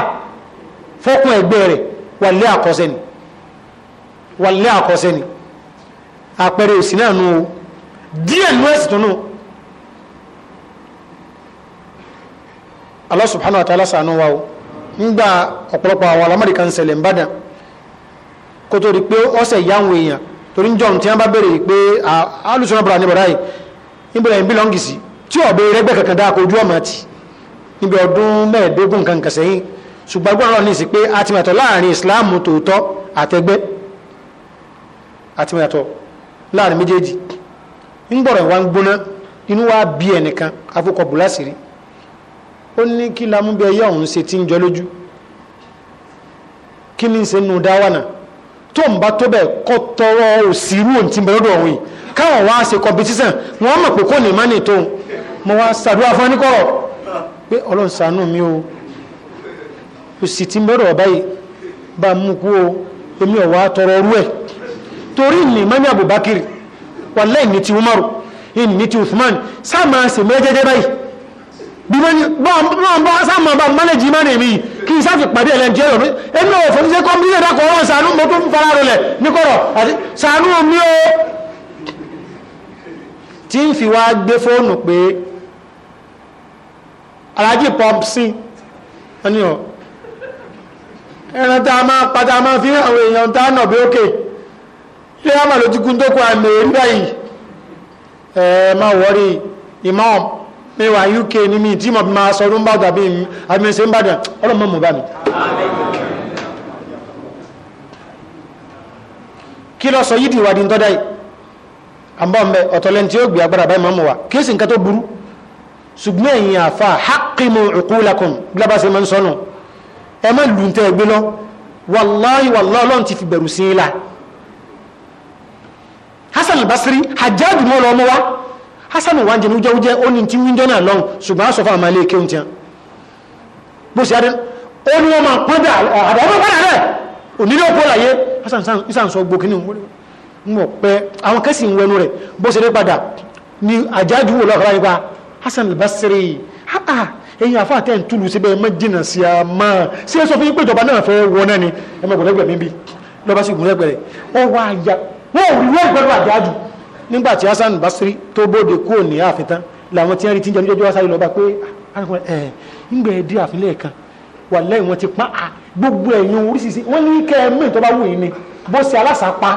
fọ́kùn ẹgbẹ́ rẹ̀ wà lé àkọ́sẹ́ ni wàlẹ́ àkọsẹ́ ni àpẹẹrẹ òsì náà nù díẹ̀ nù ẹ̀sì tó nù Allah subhanahu wa sànú wa o ńgbà ọ̀pọ̀lọpọ̀ àwọn alamọ́dé kan tó pé èèyàn torí ń jọun tí wọ́n bá béèrè pé alùsùn náà bọ̀rọ̀ ní bọ̀rọ̀ yìí níbo lẹ́yìn bí sí tí ọ̀bẹ rẹ́gbẹ́ kankan dáa kojú níbi ọdún mẹ́ẹ̀ẹ́dógún kankan sẹ́yìn ṣùgbọ́n ní sí pé àtìmọ̀tọ̀ láàrin àti ìyàtọ̀ láàrin méjèèjì ń gbọ̀rọ̀ wa ń wa bí ẹnìkan afọkọ rí ó ní kí lamúbẹ ẹyẹ ọ̀hún ṣe ti ń jọ lójú kí ni ń ṣe nù dáwànà tó ń bá tó bẹ́ẹ̀ kọ́ tọrọ òun ti wọn pé kò ní má ní tó mo wá ṣàdúrà fún ẹni mi o òsì ti bẹ̀rẹ̀ ọ̀bá yìí bá mú kú o èmi tọrọ ọrú torí ìlìmọ́mí Abubakar wallahi ní ti Umaru ní ti Uthman sáàmà sí mẹ́jẹ́jẹ́ báyìí bí wọ́n bá sáàmà bá mọ́lẹ̀jì má nìmi kí sáàfi pàdé ẹ̀lẹ́jì ẹ̀rọ mi ẹnu ọ̀fọ̀ ní sẹ́ kọ́mpútà dákọ̀ ọ̀rọ̀ sànú mo tó ń fara rẹ̀ ní kọ̀rọ̀ àti sànú mi ó tí ń fi ẹni ọ̀ ẹran tá máa padà máa fi àwọn èèyàn tá a bí ókè. fírámà ló ti gún tó kó àmì èrí báyìí ẹ má wọrí imam uk ní mi tí mo fi máa sọ ọdún bá dàbí àmìṣe ń bàdàn ọlọ́mọ mọ̀ mi. kí lọ sọ yìí di ìwádìí tọ́da yìí àbọ̀ mbẹ tí ó gbé agbára báyìí mọ̀ wá kí èsì nǹkan burú ṣùgbọ́n àfa hakimu ṣe máa ń sọnù má lọ ọlọ́run ti fi bẹ̀rù la. Hasan al-Basri hajjadu mọ́ lọ́mọ́ wá Hasan wà jẹ́ mújẹ́wújẹ́ ó ní tí wíńjọ́ náà lọ́n ṣùgbọ́n aṣọ fún àmàlẹ́ kéhùn tí bó ṣe adé ó ní wọ́n máa pọ́n bí Hasan isan sọ gbòkí ní mọ̀ pé àwọn kẹ́sì ń wẹnu rẹ̀ bó ṣe dé Hasan al-Basri ẹ̀yin àfa àtẹ̀ ń túlù síbẹ̀ ẹ̀ má jìnnà sí a máa ṣé ẹ sọ fún yín náà fẹ́ wọ náà ni ẹ má gbọ́dọ̀ gbẹ̀mí bí lọ́ba sì ya wọ́n ò wíwọ́ ìgbẹ́rù àjájú nígbàtí Hasan Basri tó bóde kúrò ní ààfin tán làwọn tí wọ́n rí tí ń jẹun jọjọ́ sáré lọ́ba pé ah, ẹ̀ dé ààfin lẹ́ẹ̀kan wà lẹ́yìn wọn ti pa á ah, gbogbo ẹ̀yìn oríṣiríṣi wọ́n ní kẹ́ẹ̀mí tó bá wù ni bó ṣe alásàpá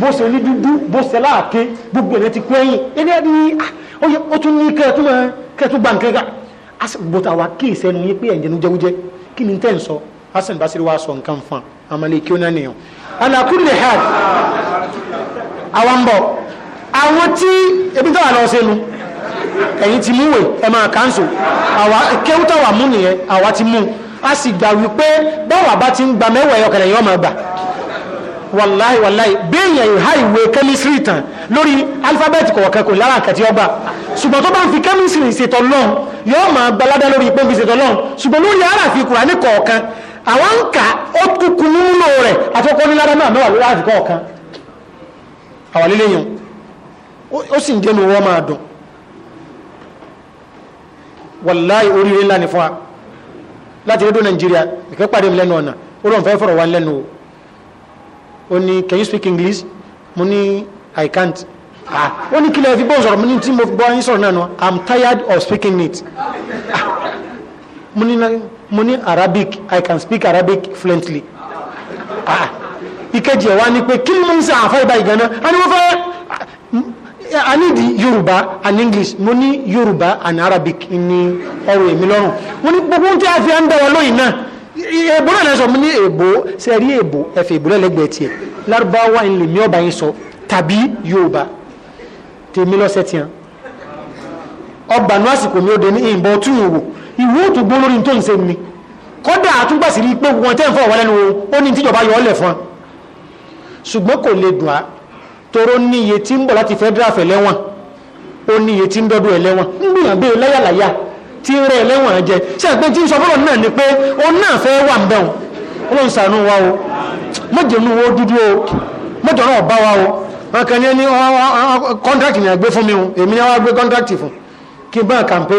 bó ṣe ní dúdú bó ṣe gbogbo ẹ̀yìn ti ẹni ẹni ah, ó tún ní kẹ́ẹ̀tún àwọn bọ̀ àwọn tí ti múwèé ẹ máa káńsù wà mú nìyẹn ti mú a sì gbà wípé báwa bá ti ń gba mẹ́wàá ẹ̀yọ kẹlẹ̀ máa gbà wàláì wàláì béèyàn ìhá ìwé kẹ́mísírì tán lórí alifábẹ́ẹ̀tì kọ̀ọ̀kan kò lára àkàtì ọba ṣùgbọ́n tó bá ń fi kẹ́mísírì ṣètò lọ́n yóò máa gbalada lórí ipò fi ṣètò lọ́n ṣùgbọ́n lórí ara fi kura ní kọ̀ọ̀kan àwọn ń ó kúkú nínú rẹ̀ àtọkọ́ àwàlélé yẹn ó sì ń dénú wọ́n máa dùn wàláì oríire ńlá ní fún wa láti rédíò nàìjíríà ìkẹ́ pàdé mi lẹ́nu ọ̀nà ó rọ̀ fẹ́ fọ̀rọ̀ wá lẹ́nu o ó ní can you speak english mo ní i can't ah ó ní kílẹ̀ fi bóun sọ̀rọ̀ mo ní tí mo bọ́ yín sọ̀rọ̀ náà nù i'm tired of speaking it ah, mo ní arabic i can speak arabic fluently ah ìkejì ẹ̀ wá ní pé kí ló ń sẹ àfá ìbá ìgànná a ní wọ́n fẹ́ need Yorùbá and English mo ní Yorùbá and Arabic ní ọ̀rọ̀ èmi lọ́rùn wọ́n ní gbogbo tí a fi ń bẹ̀rẹ̀ lóyìn náà èbó náà sọ mo ní èbó ṣe rí èbó ẹ̀fẹ̀ èbó lẹ́lẹ́gbẹ̀ẹ́ tiẹ̀ lárúbáwá ń lè mí ọba yín sọ tàbí Yorùbá lọ́sẹ̀ tiẹ̀ àsìkò mi de ní ìbọn wọn tẹ́ ń fọ́ o ó ní tíjọba yọ ọ́ lẹ̀ fún ṣùgbọ́n kò lè dùn á toró níye tí ń bọ̀ láti federal fẹ̀ lẹ́wọ̀n ó níye tí ń dọ́dún ẹlẹ́wọ̀n ń gbìyànjú láyàláyà tí ń rẹ ẹlẹ́wọ̀n jẹ ṣé àgbẹ̀ tí ń sọ fọlọ́ náà ni pé òun náà fẹ́ wà ń bẹ̀rùn ọlọ́run ṣàánú wa o mọ̀jẹ̀nu wo dúdú o mọ̀jọ̀ náà bá wa o wọn kàn ní kọ́ńtrákì ní àgbé fún mi o èmi ni wọ́n gbé kọ́ńtrákì fún kí n bá kàǹpé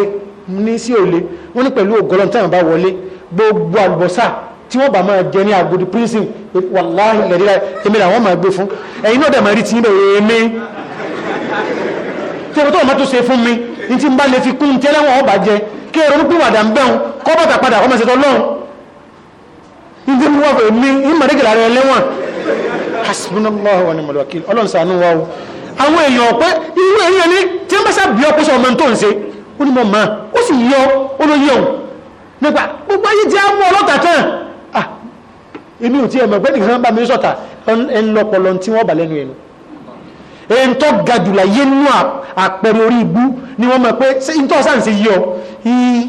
ní sí òle wọ́n ní pẹ̀lú ògọ́lọ́ntàn bá wọlé gbogbo àlùbọ́sà tí wọ́n bá máa jẹ ní Agodi prison wàláhì lẹ́dílá èmi làwọn máa gbé fún ẹ̀yin náà dẹ̀ máa rí ti ní èmi tí ẹ̀rọ tó ọmọ tó ṣe fún mi ní ti ń bá lè fi kún tí ẹlẹ́wọ̀n ọba jẹ kí ẹ̀rọ ní pínwàdà ń bẹ̀rùn kọ́ bàtà padà ọmọ ìṣẹ̀tọ́ lọ́run ní ti wọ́n fẹ́ mi ní màdégìlá rẹ lẹ́wọ̀n hasbunallahu wa ni'mal wakil ọlọ́run ṣàánú wa o àwọn èèyàn ọ̀pẹ́ inú èèyàn ní tí wọ́n bá sábìí ọkọ̀ sọ ọmọ tó ń ṣe ó ní mọ̀ máa ó sì yọ olóyè ọ̀hún nípa gbogbo ayé jẹ́ àwọn ọlọ́tà tán èmi ò tí ẹ̀mọ̀ gbẹ́ni kan bá mi sọ̀tà ẹnlọpọlọ tí wọ́n bà lẹ́nu ẹnu èyí tó ga jùlọ yé nínú àpẹẹrẹ orí ibú ni wọ́n mọ̀ pé ṣé n tó ọ̀sán ṣe yí ọ yìí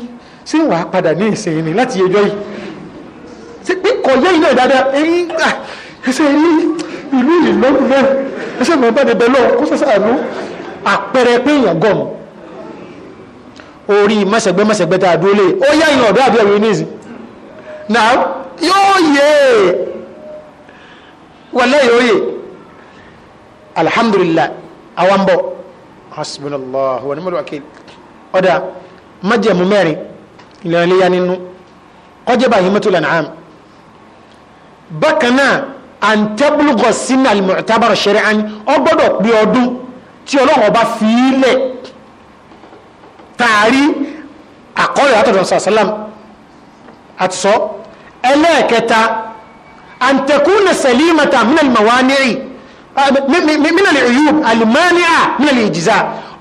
ṣé wà á padà ní ìsẹ̀yìn ní láti ẹjọ́ yìí ṣé pé kọ̀ yẹ́ iná dáadáa ẹ̀yìn gbà ṣe rí ìlú ìlọ́run náà ẹṣẹ́ mi bá dẹ̀bẹ̀ lọ́wọ́ kó sọ́sọ́ àánú àpẹẹrẹ pé èèyàn gọ̀ mọ́ orí mọ̀sẹ̀gbẹ́ mọ̀sẹ̀gbẹ́ tá a dúró lé ó yá ìyàn ọ̀dọ́ àbí ọ̀rẹ́ oníṣìí náà yóò yé wàlẹ́ yóò yé alhamdulillah àwọn bọ̀ hasbunallahu wa ni'mal wakil ọ̀dà májẹ̀mú mẹ́rin ìlànà iléyà nínú kọjá báyìí mẹ́tò lànàám bákan náà àǹtẹ́bùlùgọ̀ sínú al-mu'tabar shari'an ó gbọ́dọ̀ pé ọdún tí ọlọ́run ọba fi lẹ̀ tààrí àkọọ́lẹ̀ látọ̀dọ̀ sàlám àti ẹlẹ́ẹ̀kẹta àǹtẹ̀kùnà sẹ̀límàtà mínàlì màwánírì mínàlì ìyúb àlùmánìà mínàlì ìjìzá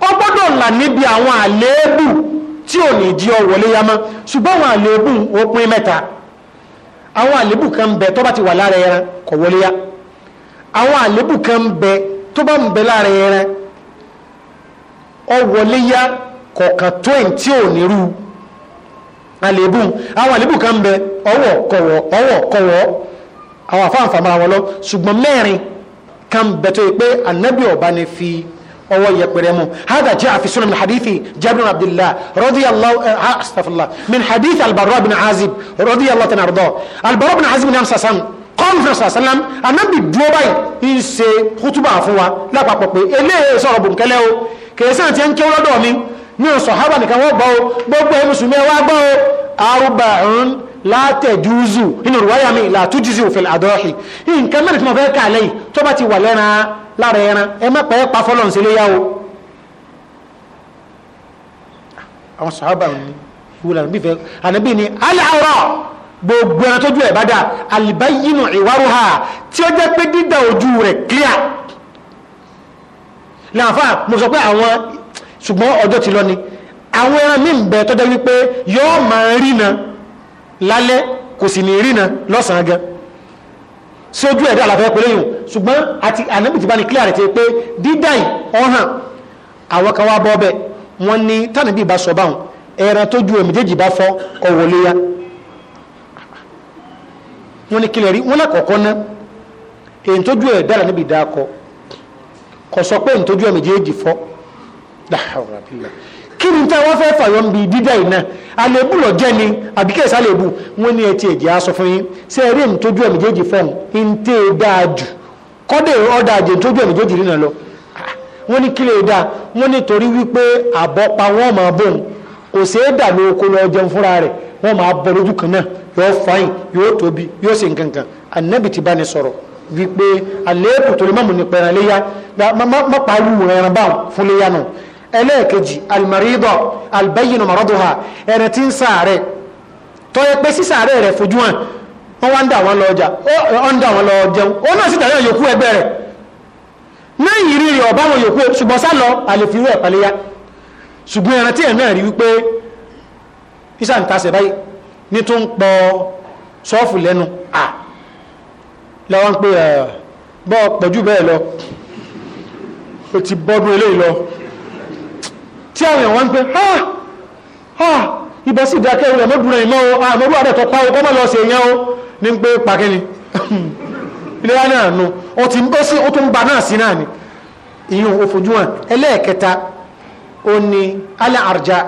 ó gbọ́dọ̀ là níbi àwọn àléébù tí ò ní di ọ̀wọ́lé yamá ṣùgbọ́n àwọn àléébù ó pín mẹ́ta ti wà lára ẹran kò wọlé yá àwọn àléébù kan ń bẹ tó bá ń bẹ lára ẹran ọ̀wọ́lé yá kọ̀ọ̀kan àlébù àwọn àlébù kan bẹ ọwọ́ kọ̀wọ́ ọwọ́ kọ̀wọ́ àwọn àfáàfà máa wọn lọ ṣùgbọ́n mẹ́rin kan bẹ tó yẹ pé ànábì ọba ni fi ọwọ́ yẹpẹrẹ mu hada jẹ́ àfisúnà min hadithi jabir abdullah radiyallahu eh, astaghfirullah min hadith albarra bin azib radiyallahu tana ardọ albarra bin azib ni amsa sam kọ́nfẹ̀rẹ̀ sàṣẹ́lám anábì dúró báyìí ń ṣe kútùbà fún wa lápapọ̀ pé eléyè sọ̀rọ̀ bùnkẹ́lẹ́ o kèésàn ti ń kéwọ́ lọ́dọ̀ mi ní sọ̀hábà nìkan wọ́n gbọ́ o gbogbo ẹ̀ mùsùlùmí ẹ wá gbọ́ o arúbàrún látẹ̀júzù nínú ìrùwáyà mi làtújúzù òfin àdọ́ọ̀hì nǹkan mẹ́rin tí mo fẹ́ kà lẹ́yìn tó bá ti wà lẹ́ran lára ẹran ẹ má pẹ́ pa fọ́lọ́ ní sílé yá o. àwọn sọ̀hábà ní ìwúlẹ̀ àbí fẹ́ ànábì ní aláàrọ̀ gbogbo ẹran tójú ẹ̀ bá ìwárúhà tí ó jẹ́ pé dídà ojú rẹ̀ clear. làǹfà mo sọ pé àwọn ṣùgbọ́n ọjọ́ ti lọ ni àwọn ẹran mi ń bẹ tọ́jọ́ wípé yóò máa rína lálẹ́ kò sì ní rína lọ́sàn-án gan sí ojú ẹ̀dá àlàfẹ́ pẹ̀lú yìí ṣùgbọ́n àti ànábì ti bá ní clear rẹ̀ ti pé dídáì ọ̀hàn àwọn kan kílẹ̀ rí wọ́n lákọ̀ọ́kọ́ ná èyí tó ju ẹ̀ dára níbi dáa kọ̀ sọ pé èyí tó ju èmìjèjì fọ́ kí ni tí a wá fẹ́ fàyọ ń dídá lọ jẹ́ ni àbíkẹ́sì àlébù wọ́n ní ẹtì ẹ̀jẹ̀ aṣọ fún yín ṣe eré ìtọ́jú ẹ̀mí jẹ́jì fọ́ọ̀n ń tẹ́ ẹ jù ọ̀dà àjẹ́ ìtọ́jú ẹ̀mí jẹ́jì lọ wọ́n ní kílẹ̀ dá wọ́n ní torí wípé àbọ̀ pa wọ́n máa bọ̀ kò ló kó lọ jẹun fúnra rẹ̀ wọ́n máa bọ̀ lójú kan náà yóò ẹlẹ́ẹ̀kejì almaridọ albayinu maraduha ẹni tí ń sàárẹ̀ tọ́ yẹ pé sísàárẹ̀ rẹ̀ fojú hàn wọ́n wá ń dà wọ́n lọ ọjà ó ń dà wọ́n lọ jẹun ó náà sì dà yàn yòókù ẹgbẹ́ rẹ̀ lẹ́yìn rí rẹ̀ ọ̀bá wọn yòókù ṣùgbọ́n sá lọ àlefiwú ẹ̀ pàlẹ́yà ṣùgbọ́n ẹran tí ẹ̀ náà rí wípé isa ń tasẹ̀ báyìí ní tó ń pọ sọ́ọ̀fù lẹ́nu à lọ́wọ́n pé bọ́ọ̀ pọ̀jú bẹ́ẹ̀ lọ ó ti bọ́dún eléyìí lọ tí àwọn èèyàn wá ń pẹ́ ha ha ibẹ̀ sì dákẹ́ rẹ̀ mọ́dúnrún ìmọ̀ o àmọ́rú àdẹ̀tọ̀ pa o kọ́ mọ́ lọ sí èèyàn o ní pé pàkínni ilé wa náà nu o ti ń bọ́ sí o tún ba náà sí náà ni ìyún òfojú hàn ẹlẹ́ẹ̀kẹta o ní alẹ́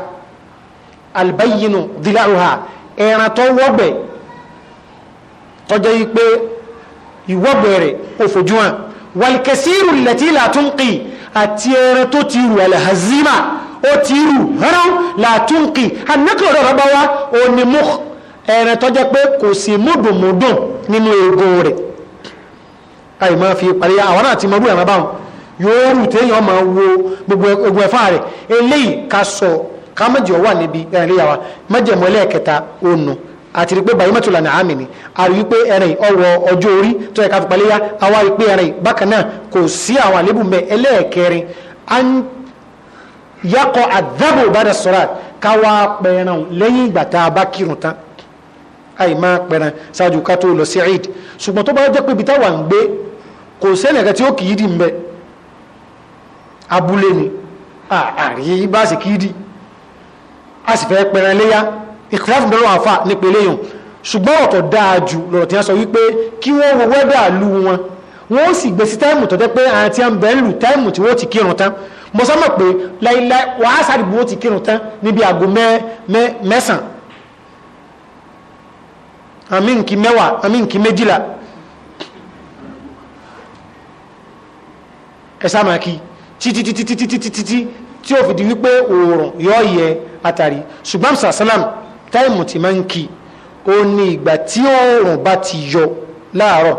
albayinu dilaruha ẹran tó wọ́gbẹ̀ tọ́jọ́ yìí pé ìwọ́gbẹ̀ rẹ̀ òfojú hàn lẹ́tí làtúnkì àti ẹran tó ti rù alhazima ó ti rù rán làtúnkì anákọ̀ rọ́bá wa ó ní mú ẹran tó jẹ́ pé kò sí múdùmúdùn nínú egun rẹ̀ àì máa fi parí àwọn àti mọ́rú ẹ̀rọ báwọn yóò rù téèyàn máa wo gbogbo egun ẹ̀fà rẹ̀ eléyìí ká sọ ká mọ̀jọ̀ wà níbi ẹ̀rìn yàwá mọ̀jẹ̀mọ́lẹ̀ kẹta ó nù àti rí pé bayimatula ní àmì ni a rí pé ẹ̀rìn ọwọ́ ọjọ́ orí tó yẹ ká fi paléyà àwa rí pé ẹ̀rìn bákan náà kò sí àwọn àlébù mẹ́ ẹlẹ́ẹ̀kẹrin an yakọ̀ àdábò bàdà sọ́ra káwa pẹ̀ràn lẹ́yìn ìgbà tá a bá kírun tán àì máa pẹ̀ràn ṣáájú ká tó lọ sí eid ṣùgbọ́n tó bá jẹ́ pé ibi táwa ń gbé kò sẹ́ni ẹ̀ka tí ó kì í dì ń abúlé ni àrí bá sì kì í dì a sì fẹ́ pẹ̀ràn léyà ìkìláàfù bẹ̀rẹ̀ wọn àfà nípa eléyìí ṣùgbọ́n ọ̀tọ̀ dáa jù lọ́rọ̀ tí wọ́n sọ wípé kí wọ́n wo wẹ́dà lu wọn wọ́n sì gbé sí táìmù tọ́jọ́ pé àwọn tí wọ́n bẹ̀ ń lu táìmù tí wọ́n ti kírun tán mo sọ́mọ̀ pé láìláì wàá sàdìbò wọ́n ti kírun tán níbi àgọ́ mẹ́sàn-án àmì nkì mẹ́wàá àmì nkì méjìlá ẹ̀sà máa kí tí ó fi wípé òòrùn yọ yẹ àtàrí ṣùgbọ́n sàṣálàmù táìmù tí máa ń kí ó ní ìgbà tí oòrùn bá ti yọ láàárọ̀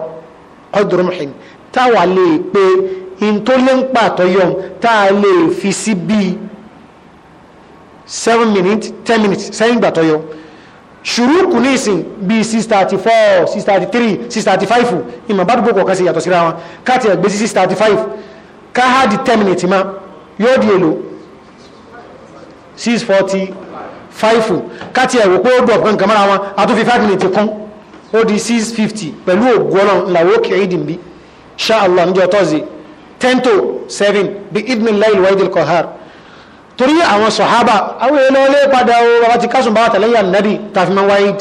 ọdún mọ̀hìn táwa lè pe in tó lé ń pàtó yọ tá a lè fi sí bíi seven minutes ten minutes sẹ́yìn ìgbà tó yọ ṣùrùkù ní ìsìn bí 634 633 635 ìmọ̀ bá dúgbò kọ̀ọ̀kan sí yàtọ̀ síra wọn káàtì ẹ̀gbẹ́ sí 635 káhádì ten minutes ma yóò di èlò forty fáìfù káti ẹ̀wò pé ó dùn ọ̀pọ̀ nǹkan mọ́ra wọn àtúnfi five minutes kún ó di six fifty pẹ̀lú ògùn ọlọ́run làwọn òkè ìdì bí ṣá allah níjọ tọ́sí ten to seven bí idmin lail waidil kohar torí àwọn sọ̀hábà àwọn èèyàn lọ́lé padà o bàbá ti kásùn bàbá tẹ̀lẹ́yà nàbì tàfimá waid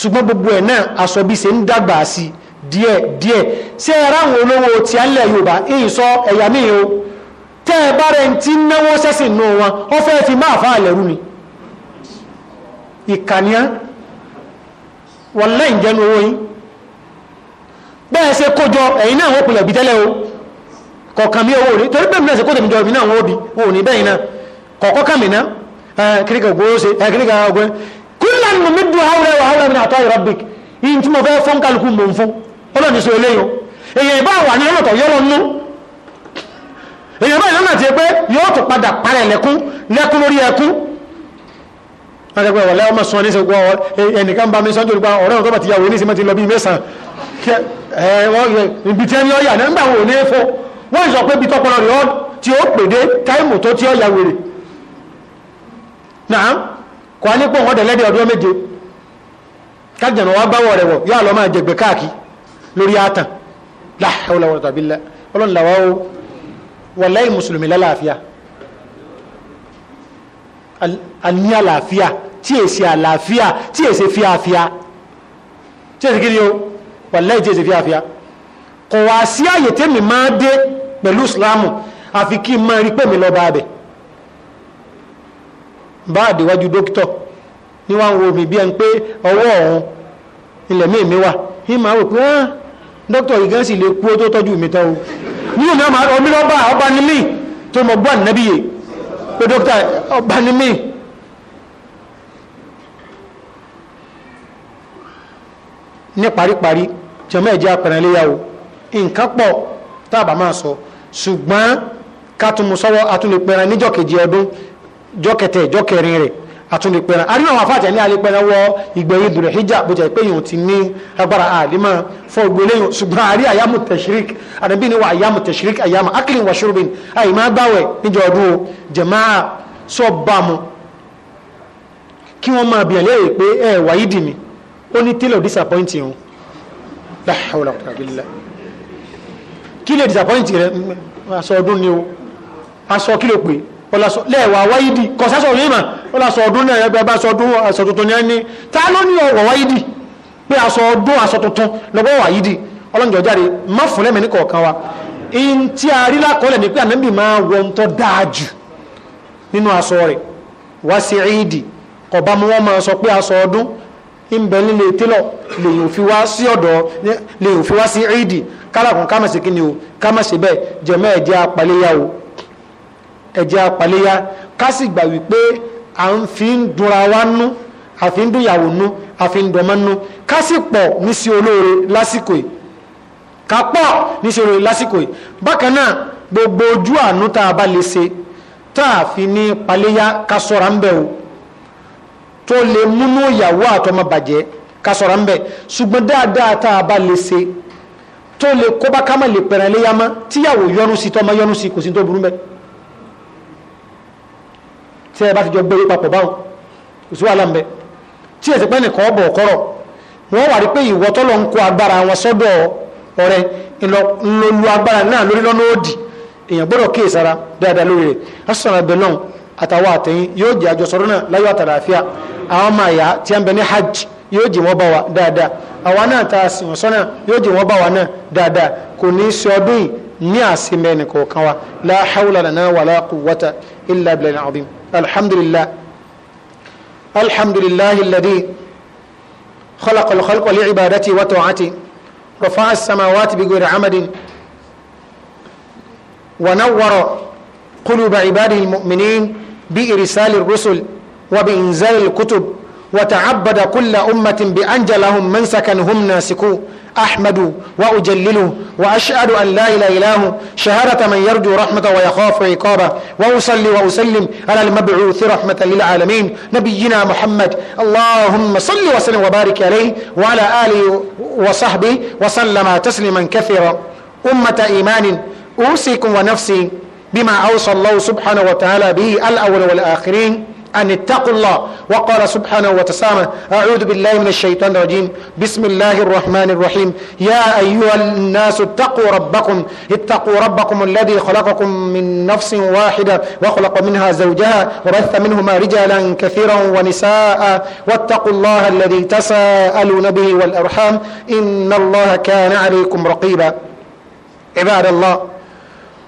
ṣùgbọ́n gbogbo ẹ̀ náà aṣọ bí ṣe ń dàgbà sí díẹ̀ díẹ̀ ṣé ẹ ráwọn olówó ti alẹ́ yorùbá èyí sọ ẹ̀yà míì o tẹ́ ẹ bá rẹ̀ ń ti náwó sẹ́sìn nù wọn ó fẹ́ fi máa fa àlẹ́rú ni ìkànnìyàn wọ́n lẹ́yìn jẹ́nu owó yín bẹ́ẹ̀ ṣe kójọ ẹ̀yìn náà wọ́n pìlẹ̀ bí tẹ́lẹ̀ o kọ̀ọ̀kan mi owó rí torí bẹ́ẹ̀ mi náà ṣe kójọ mi jọ mi náà wọ́n bí wọ́n ní bẹ́ẹ̀ iná kọ̀ọ̀kọ́ kàmì ná kíríkà gbowó ṣe kíríkà ọgbẹ́ kúlẹ̀ nù mí dùn hàwùrẹ́ wà hàwùrẹ́ mi náà tọ́ ìrọ́bìk yìí tí mo èyàn ìbá wà ti pé yóò tún padà parẹ̀ lẹ́kún lẹ́kún lórí ẹkún wọ́n sọ pé wọ̀lẹ́ ọmọ sọ ní sẹ́gbọ́ ẹnìkan bá mi sọ́jú nípa ọ̀rẹ́ ọ̀tọ́ bàtí yàwó ní sí mẹ́tí lọ bí mẹ́sàn-án ibi tí ẹni ọ̀yà nígbà wo ní fọ́ wọ́n sọ pé bí tọpọlọ rẹ̀ tí ó pèdé táìmù tó tí ọ̀yà wèrè náà kọ́ ní pọ̀ wọ́n dẹ̀lẹ́dẹ̀ lálàáfíà àní àlàáfíà tí èsì àlàáfíà tí èsì fíàfíà tí èsì kí ni o wàlẹ́ tí èsì fíàfíà kò wá sí àyè tẹ́mi máa dé pẹ̀lú ìsìláàmù àfi kí n máa rí pé mi lọ bá bẹ̀ bá àdéwájú dókítọ̀ ní wọ́n wo mi bí ẹni pé ọwọ́ ọ̀hún ilẹ̀ míì mi wà ní màá rò pé ah dókítọ̀ yìí gan sì lè kú ó tó tọ́jú mi tán o nínú mi ọmọ ọmọ ọba ọba ni mí tó mọ gbọ́ ànábìyè pé dókítà ọba ni mí ní paríparí jọmọ ẹ̀jẹ̀ apẹ̀rẹ̀léyàwó nǹkan pọ̀ tábà máa sọ ṣùgbọ́n ká tún mú sọ́wọ́ atúnlẹ̀pẹ̀rẹ̀ níjọ́ kejì ọdún jọ́kẹtẹ̀ jọ́kẹrin rẹ̀ àtúndì pẹ̀rẹ̀ a rí àwọn afáàtẹ̀ ní alẹ́pẹ̀rẹ̀ wọ ìgbẹ̀yìn dùrẹ̀ hijab bó jẹ́ pé yòó ti ní agbára àlímọ̀ fún ògbélẹ́yìn ṣùgbọ́n a rí àyàmù tẹ̀ṣírík àdàbí ni wà àyàmù tẹ̀ṣírík àyàmù akílin wà ṣúrùbìn àyè máa gbàwẹ̀ níjọ ọdún o jẹ̀máà sọ bá mu kí wọ́n máa bìyànjú èrè pé ẹ wà yí dì mí ó ní tailor disappoint yẹn ọlásọ lẹ́ẹ̀wà wáyídì kọ̀sásọ̀ ríma ọlásọ ọdún náà ẹgbẹ́ bá sọ ní ẹni tá ló ní ọwọ̀ wáyídì pé aṣọ ọdún aṣọ lọ́gbọ́ wáyídì ọlọ́njọ́ jáde má ní kọ̀ọ̀kan wa in tí a rí lákọọ́lẹ̀ ní pé ànábì máa ma tọ́ dáa jù nínú aṣọ rẹ̀ wá sí sọ pé aṣọ ọdún fi wá sí ọ̀dọ̀ fi wá ẹ̀jẹ̀ apàléyà ká sì gbà wípé à ń fi ń dunra wa nú àfi ń dùnyàwó nú àfi ń dọ̀mọ́ nú ká sì pọ̀ ní sí olóore lásìkò yìí ká pọ̀ ní sí olóore lásìkò yìí bákan náà gbogbo ojú àánú tá a bá lè ṣe tá a fi ní paléyà ká sọ̀ra ń bẹ̀ o tó lè múnú ìyàwó àtọmọ bàjẹ́ ká sọ̀ra ń bẹ̀ ṣùgbọ́n dáadáa tá a bá lè ṣe tó lè kó lè pẹ̀rẹ̀ léyà tíyàwó yọnu sí tọmọ yọnu sí kò sí tó burú bẹ́ẹ̀ tí ẹ bá ti jọ gbé papọ̀ báwọn kò sí wàhálà ń bẹ tí èsì pẹ́ nìkan ọ̀bọ̀ ọ̀kọ́rọ̀ wọ́n wà rí pé ìwọ tọ́lọ ń kó agbára wọn sọ́dọ̀ ọ̀rẹ́ ńlọlú agbára náà lórí lọ́nà òdì èèyàn gbọ́dọ̀ kíyè sára dáadáa lórí rẹ̀ asọ̀rọ̀ ẹ̀bẹ̀ náà àtàwọn àtẹ̀yìn yóò jẹ́ àjọsọ̀rọ̀ náà láyọ̀ àtàlàáfíà àwọn máa yá tí a ń bẹ ní hajj yóò jẹ́ wọ́n bá wa dáadáa àwa náà ta sìwọ̀n sọ́nà yóò jẹ́ wọ́n bá wa náà dáadáa kò ní í ṣe ọdún yìí ní àsìmẹ́ni kọ̀ọ̀kan wa la hawla lana wala quwwata illa billahi al-azim الحمد لله الحمد لله الذي خلق الخلق لعبادته وطاعته رفع السماوات بغير عمد ونور قلوب عباده المؤمنين بإرسال الرسل وبإنزال الكتب وتعبد كل أمة بأنجلهم من سكنهم ناسكوه أحمد وأجلله وأشهد أن لا إله إله شهادة من يرجو رحمة ويخاف عقابه وأصلي وأسلم على المبعوث رحمة للعالمين نبينا محمد اللهم صل وسلم وبارك عليه وعلى آله وصحبه وسلم تسليما كثيرا أمة إيمان أوصيكم ونفسي بما أوصى الله سبحانه وتعالى به الأول والآخرين أن اتقوا الله وقال سبحانه وتسامى أعوذ بالله من الشيطان الرجيم بسم الله الرحمن الرحيم يا أيها الناس اتقوا ربكم اتقوا ربكم الذي خلقكم من نفس واحدة وخلق منها زوجها ورث منهما رجالا كثيرا ونساء واتقوا الله الذي تساءلون به والأرحام إن الله كان عليكم رقيبا عباد الله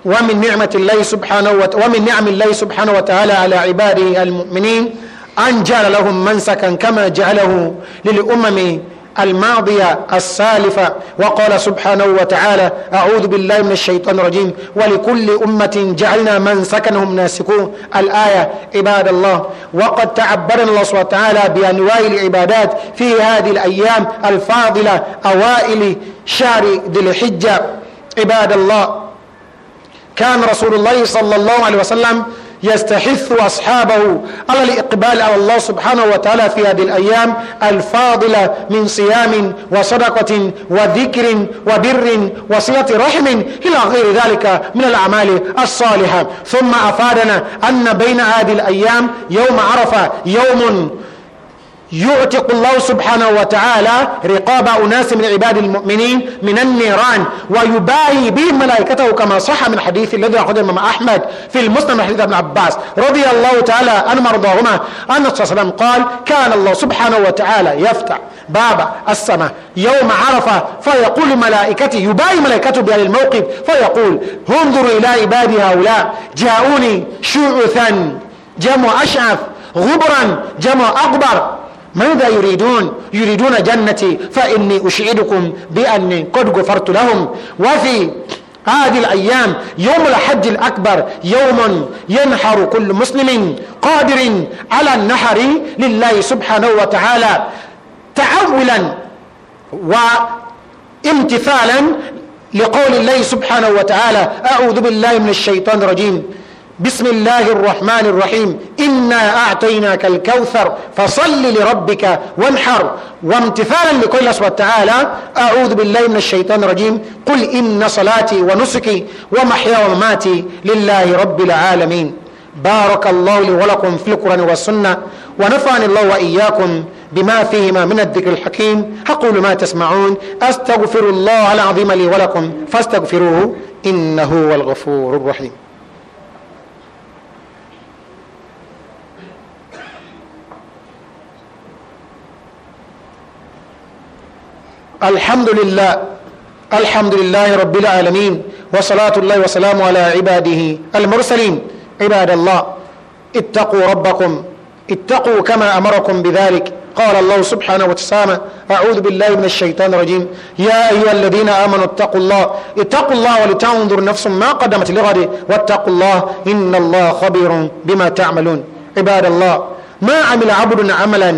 ومن نعمة الله سبحانه وت... ومن نعم الله سبحانه وتعالى على عباده المؤمنين أن جعل لهم منسكا كما جعله للأمم الماضية السالفة وقال سبحانه وتعالى أعوذ بالله من الشيطان الرجيم ولكل أمة جعلنا من سكنهم ناسكون الآية عباد الله وقد تعبر الله سبحانه وتعالى بأنواع العبادات في هذه الأيام الفاضلة أوائل شهر ذي الحجة عباد الله كان رسول الله صلى الله عليه وسلم يستحث أصحابه على الإقبال على الله سبحانه وتعالى في هذه الأيام الفاضلة من صيام وصدقة وذكر وبر وصلة رحم إلى غير ذلك من الأعمال الصالحة ثم أفادنا أن بين هذه الأيام يوم عرفة يوم يعتق الله سبحانه وتعالى رقاب أناس من عباد المؤمنين من النيران ويباهي بهم ملائكته كما صح من حديث الذي أخرجه الإمام أحمد في المسلم حديث ابن عباس رضي الله تعالى عنهما مرضاهما أن صلى الله عليه وسلم قال كان الله سبحانه وتعالى يفتح باب السماء يوم عرفة فيقول ملائكته يباهي ملائكته بهذا الموقف فيقول انظروا إلى عبادي هؤلاء جاءوني شعثا جمع أشعث غبرا جمع أكبر ماذا يريدون يريدون جنتي فإني أشعدكم بأني قد غفرت لهم وفي هذه الأيام يوم الحج الأكبر يوم ينحر كل مسلم قادر على النحر لله سبحانه وتعالى تعولا وامتثالا لقول الله سبحانه وتعالى أعوذ بالله من الشيطان الرجيم بسم الله الرحمن الرحيم إنا أعطيناك الكوثر فصل لربك وانحر وامتثالا لكل الله سبحانه وتعالى أعوذ بالله من الشيطان الرجيم قل إن صلاتي ونسكي ومحيا وماتي لله رب العالمين بارك الله لي ولكم في القرآن والسنة ونفعني الله وإياكم بما فيهما من الذكر الحكيم أقول ما تسمعون أستغفر الله العظيم لي ولكم فاستغفروه إنه هو الغفور الرحيم الحمد لله الحمد لله رب العالمين وصلاة الله وسلام على عباده المرسلين عباد الله اتقوا ربكم اتقوا كما أمركم بذلك قال الله سبحانه وتعالى أعوذ بالله من الشيطان الرجيم يا أيها الذين آمنوا اتقوا الله اتقوا الله ولتنظر نفس ما قدمت لغد واتقوا الله إن الله خبير بما تعملون عباد الله ما عمل عبد عملا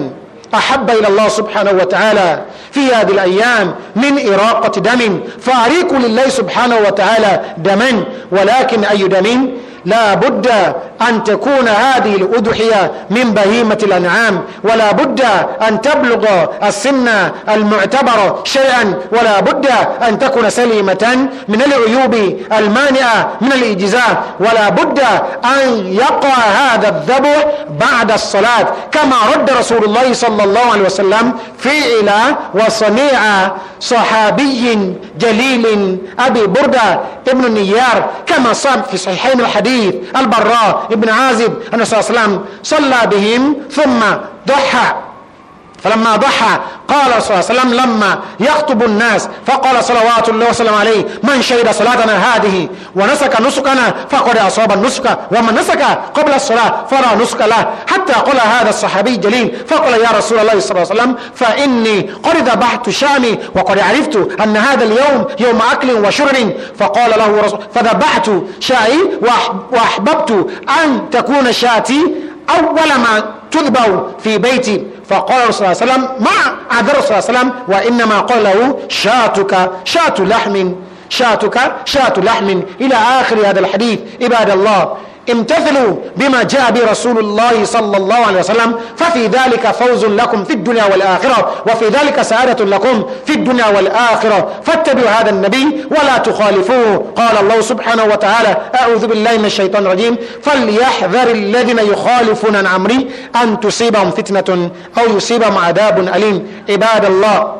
أحب إلى الله سبحانه وتعالى في هذه الأيام من إراقة دم فأريق لله سبحانه وتعالى دما ولكن أي دم لا بد أن تكون هذه الأضحية من بهيمة الأنعام ولا بد أن تبلغ السن المعتبر شيئا ولا بد أن تكون سليمة من العيوب المانعة من الإجزاء ولا بد أن يقع هذا الذبح بعد الصلاة كما رد رسول الله صلى الله عليه وسلم فعل وصنيع صحابي جليل أبي بردة ابن نيار كما صاب في صحيحين الحديث الحديث البراء ابن عازب أن صلى الله عليه وسلم صلى بهم ثم ضحى فلما ضحى قال صلى الله عليه وسلم لما يخطب الناس فقال صلوات الله وسلم عليه من شهد صلاتنا هذه ونسك نسكنا فقد أصاب النسك ومن نسك قبل الصلاة فلا نسك له حتى قال هذا الصحابي الجليل فقال يا رسول الله صلى الله عليه وسلم فإني قد ذبحت شامي وقد عرفت أن هذا اليوم يوم أكل وشرب فقال له رسول فذبحت شاي وأحببت أن تكون شاتي أول ما تذبح في بيتي فقال رسول الله سلام ما عذر رسول سلام وإنما قال له شاتك شات لحم شاتك شات لحم إلى آخر هذا الحديث عباد الله امتثلوا بما جاء به رسول الله صلى الله عليه وسلم ففي ذلك فوز لكم في الدنيا والآخرة وفي ذلك سعادة لكم في الدنيا والآخرة فاتبعوا هذا النبي ولا تخالفوه قال الله سبحانه وتعالى أعوذ بالله من الشيطان الرجيم فليحذر الذين يخالفون عن عمري أن تصيبهم فتنة أو يصيبهم عذاب أليم عباد الله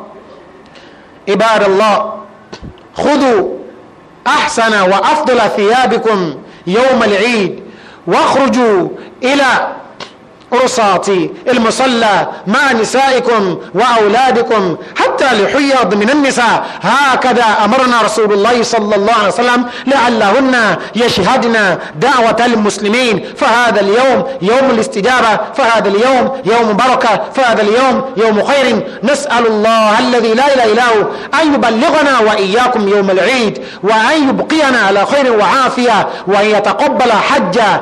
عباد الله خذوا أحسن وأفضل ثيابكم يوم العيد واخرجوا إلى رصاتي المصلى مع نسائكم وأولادكم حتى لحيض من النساء هكذا أمرنا رسول الله صلى الله عليه وسلم لعلهن يشهدن دعوة المسلمين فهذا اليوم يوم الاستجابة فهذا اليوم يوم بركة فهذا اليوم يوم خير نسأل الله الذي لا إله إلا هو أن يبلغنا وإياكم يوم العيد وأن يبقينا على خير وعافية وأن يتقبل حجة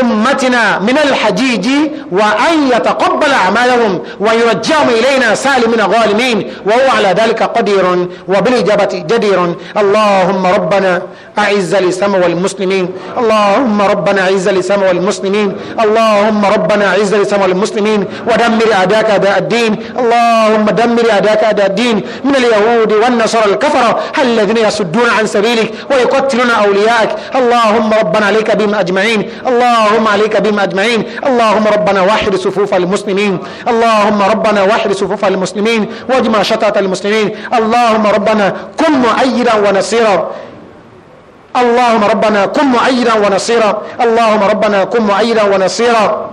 أمتنا من الحجيج وأن يتقبل أعمالهم ويرجعهم إلينا سالمين غالمين وهو على ذلك قدير وبالإجابة جدير اللهم ربنا أعز الإسلام والمسلمين اللهم ربنا أعز الإسلام والمسلمين اللهم ربنا أعز الإسلام والمسلمين ودمر أداك أداء الدين اللهم دمر أداك أداء الدين من اليهود والنصارى الكفرة الذين يصدون عن سبيلك ويقتلون أوليائك اللهم ربنا عليك بهم أجمعين اللهم اللهم عليك بهم أجمعين اللهم ربنا واحد صفوف المسلمين اللهم ربنا واحد صفوف المسلمين واجمع شتات المسلمين اللهم ربنا كن مؤيدا ونصيرا اللهم ربنا كن مؤيدا ونصيرا اللهم ربنا كن مؤيدا ونصيرا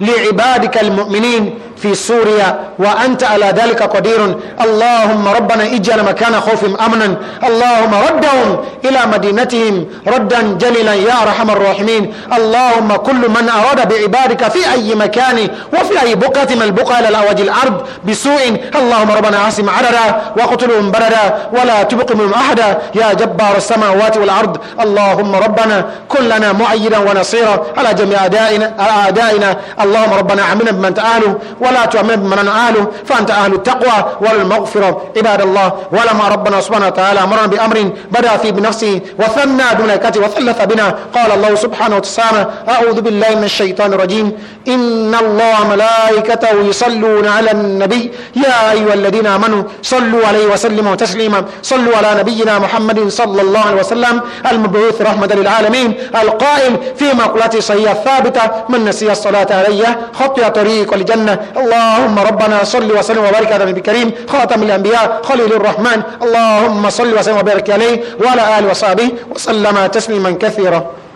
لعبادك المؤمنين في سوريا وأنت على ذلك قدير اللهم ربنا اجعل مكان خوفهم أمنا اللهم ردهم إلى مدينتهم ردا جليلا يا أرحم الراحمين اللهم كل من أراد بعبادك في أي مكان وفي أي بقعة من البقعة إلى الأوج الأرض بسوء اللهم ربنا عاصم عددا وقتلهم بردا ولا تبق منهم أحدا يا جبار السماوات والأرض اللهم ربنا كلنا معيدا ونصيرا على جميع أعدائنا, أعدائنا اللهم ربنا عمنا بمن تآله ولا تعمل من أهله فأنت أهل التقوى والمغفرة عباد الله ولما ربنا سبحانه وتعالى أمرنا بأمر بدأ فيه بنفسه وثنى بملائكته وثلث بنا قال الله سبحانه وتعالى أعوذ بالله من الشيطان الرجيم إن الله ملائكته يصلون على النبي يا أيها الذين آمنوا صلوا عليه وسلموا تسليما صلوا على نبينا محمد صلى الله عليه وسلم المبعوث رحمة للعالمين القائل في مقولته صحيحة ثابتة من نسي الصلاة عليه خطي طريق الجنة اللهم ربنا صل وسلم وبارك على النبي الكريم خاتم الأنبياء خليل الرحمن اللهم صل وسلم وبارك عليه وعلى آله وصحبه وسلم تسليما كثيرا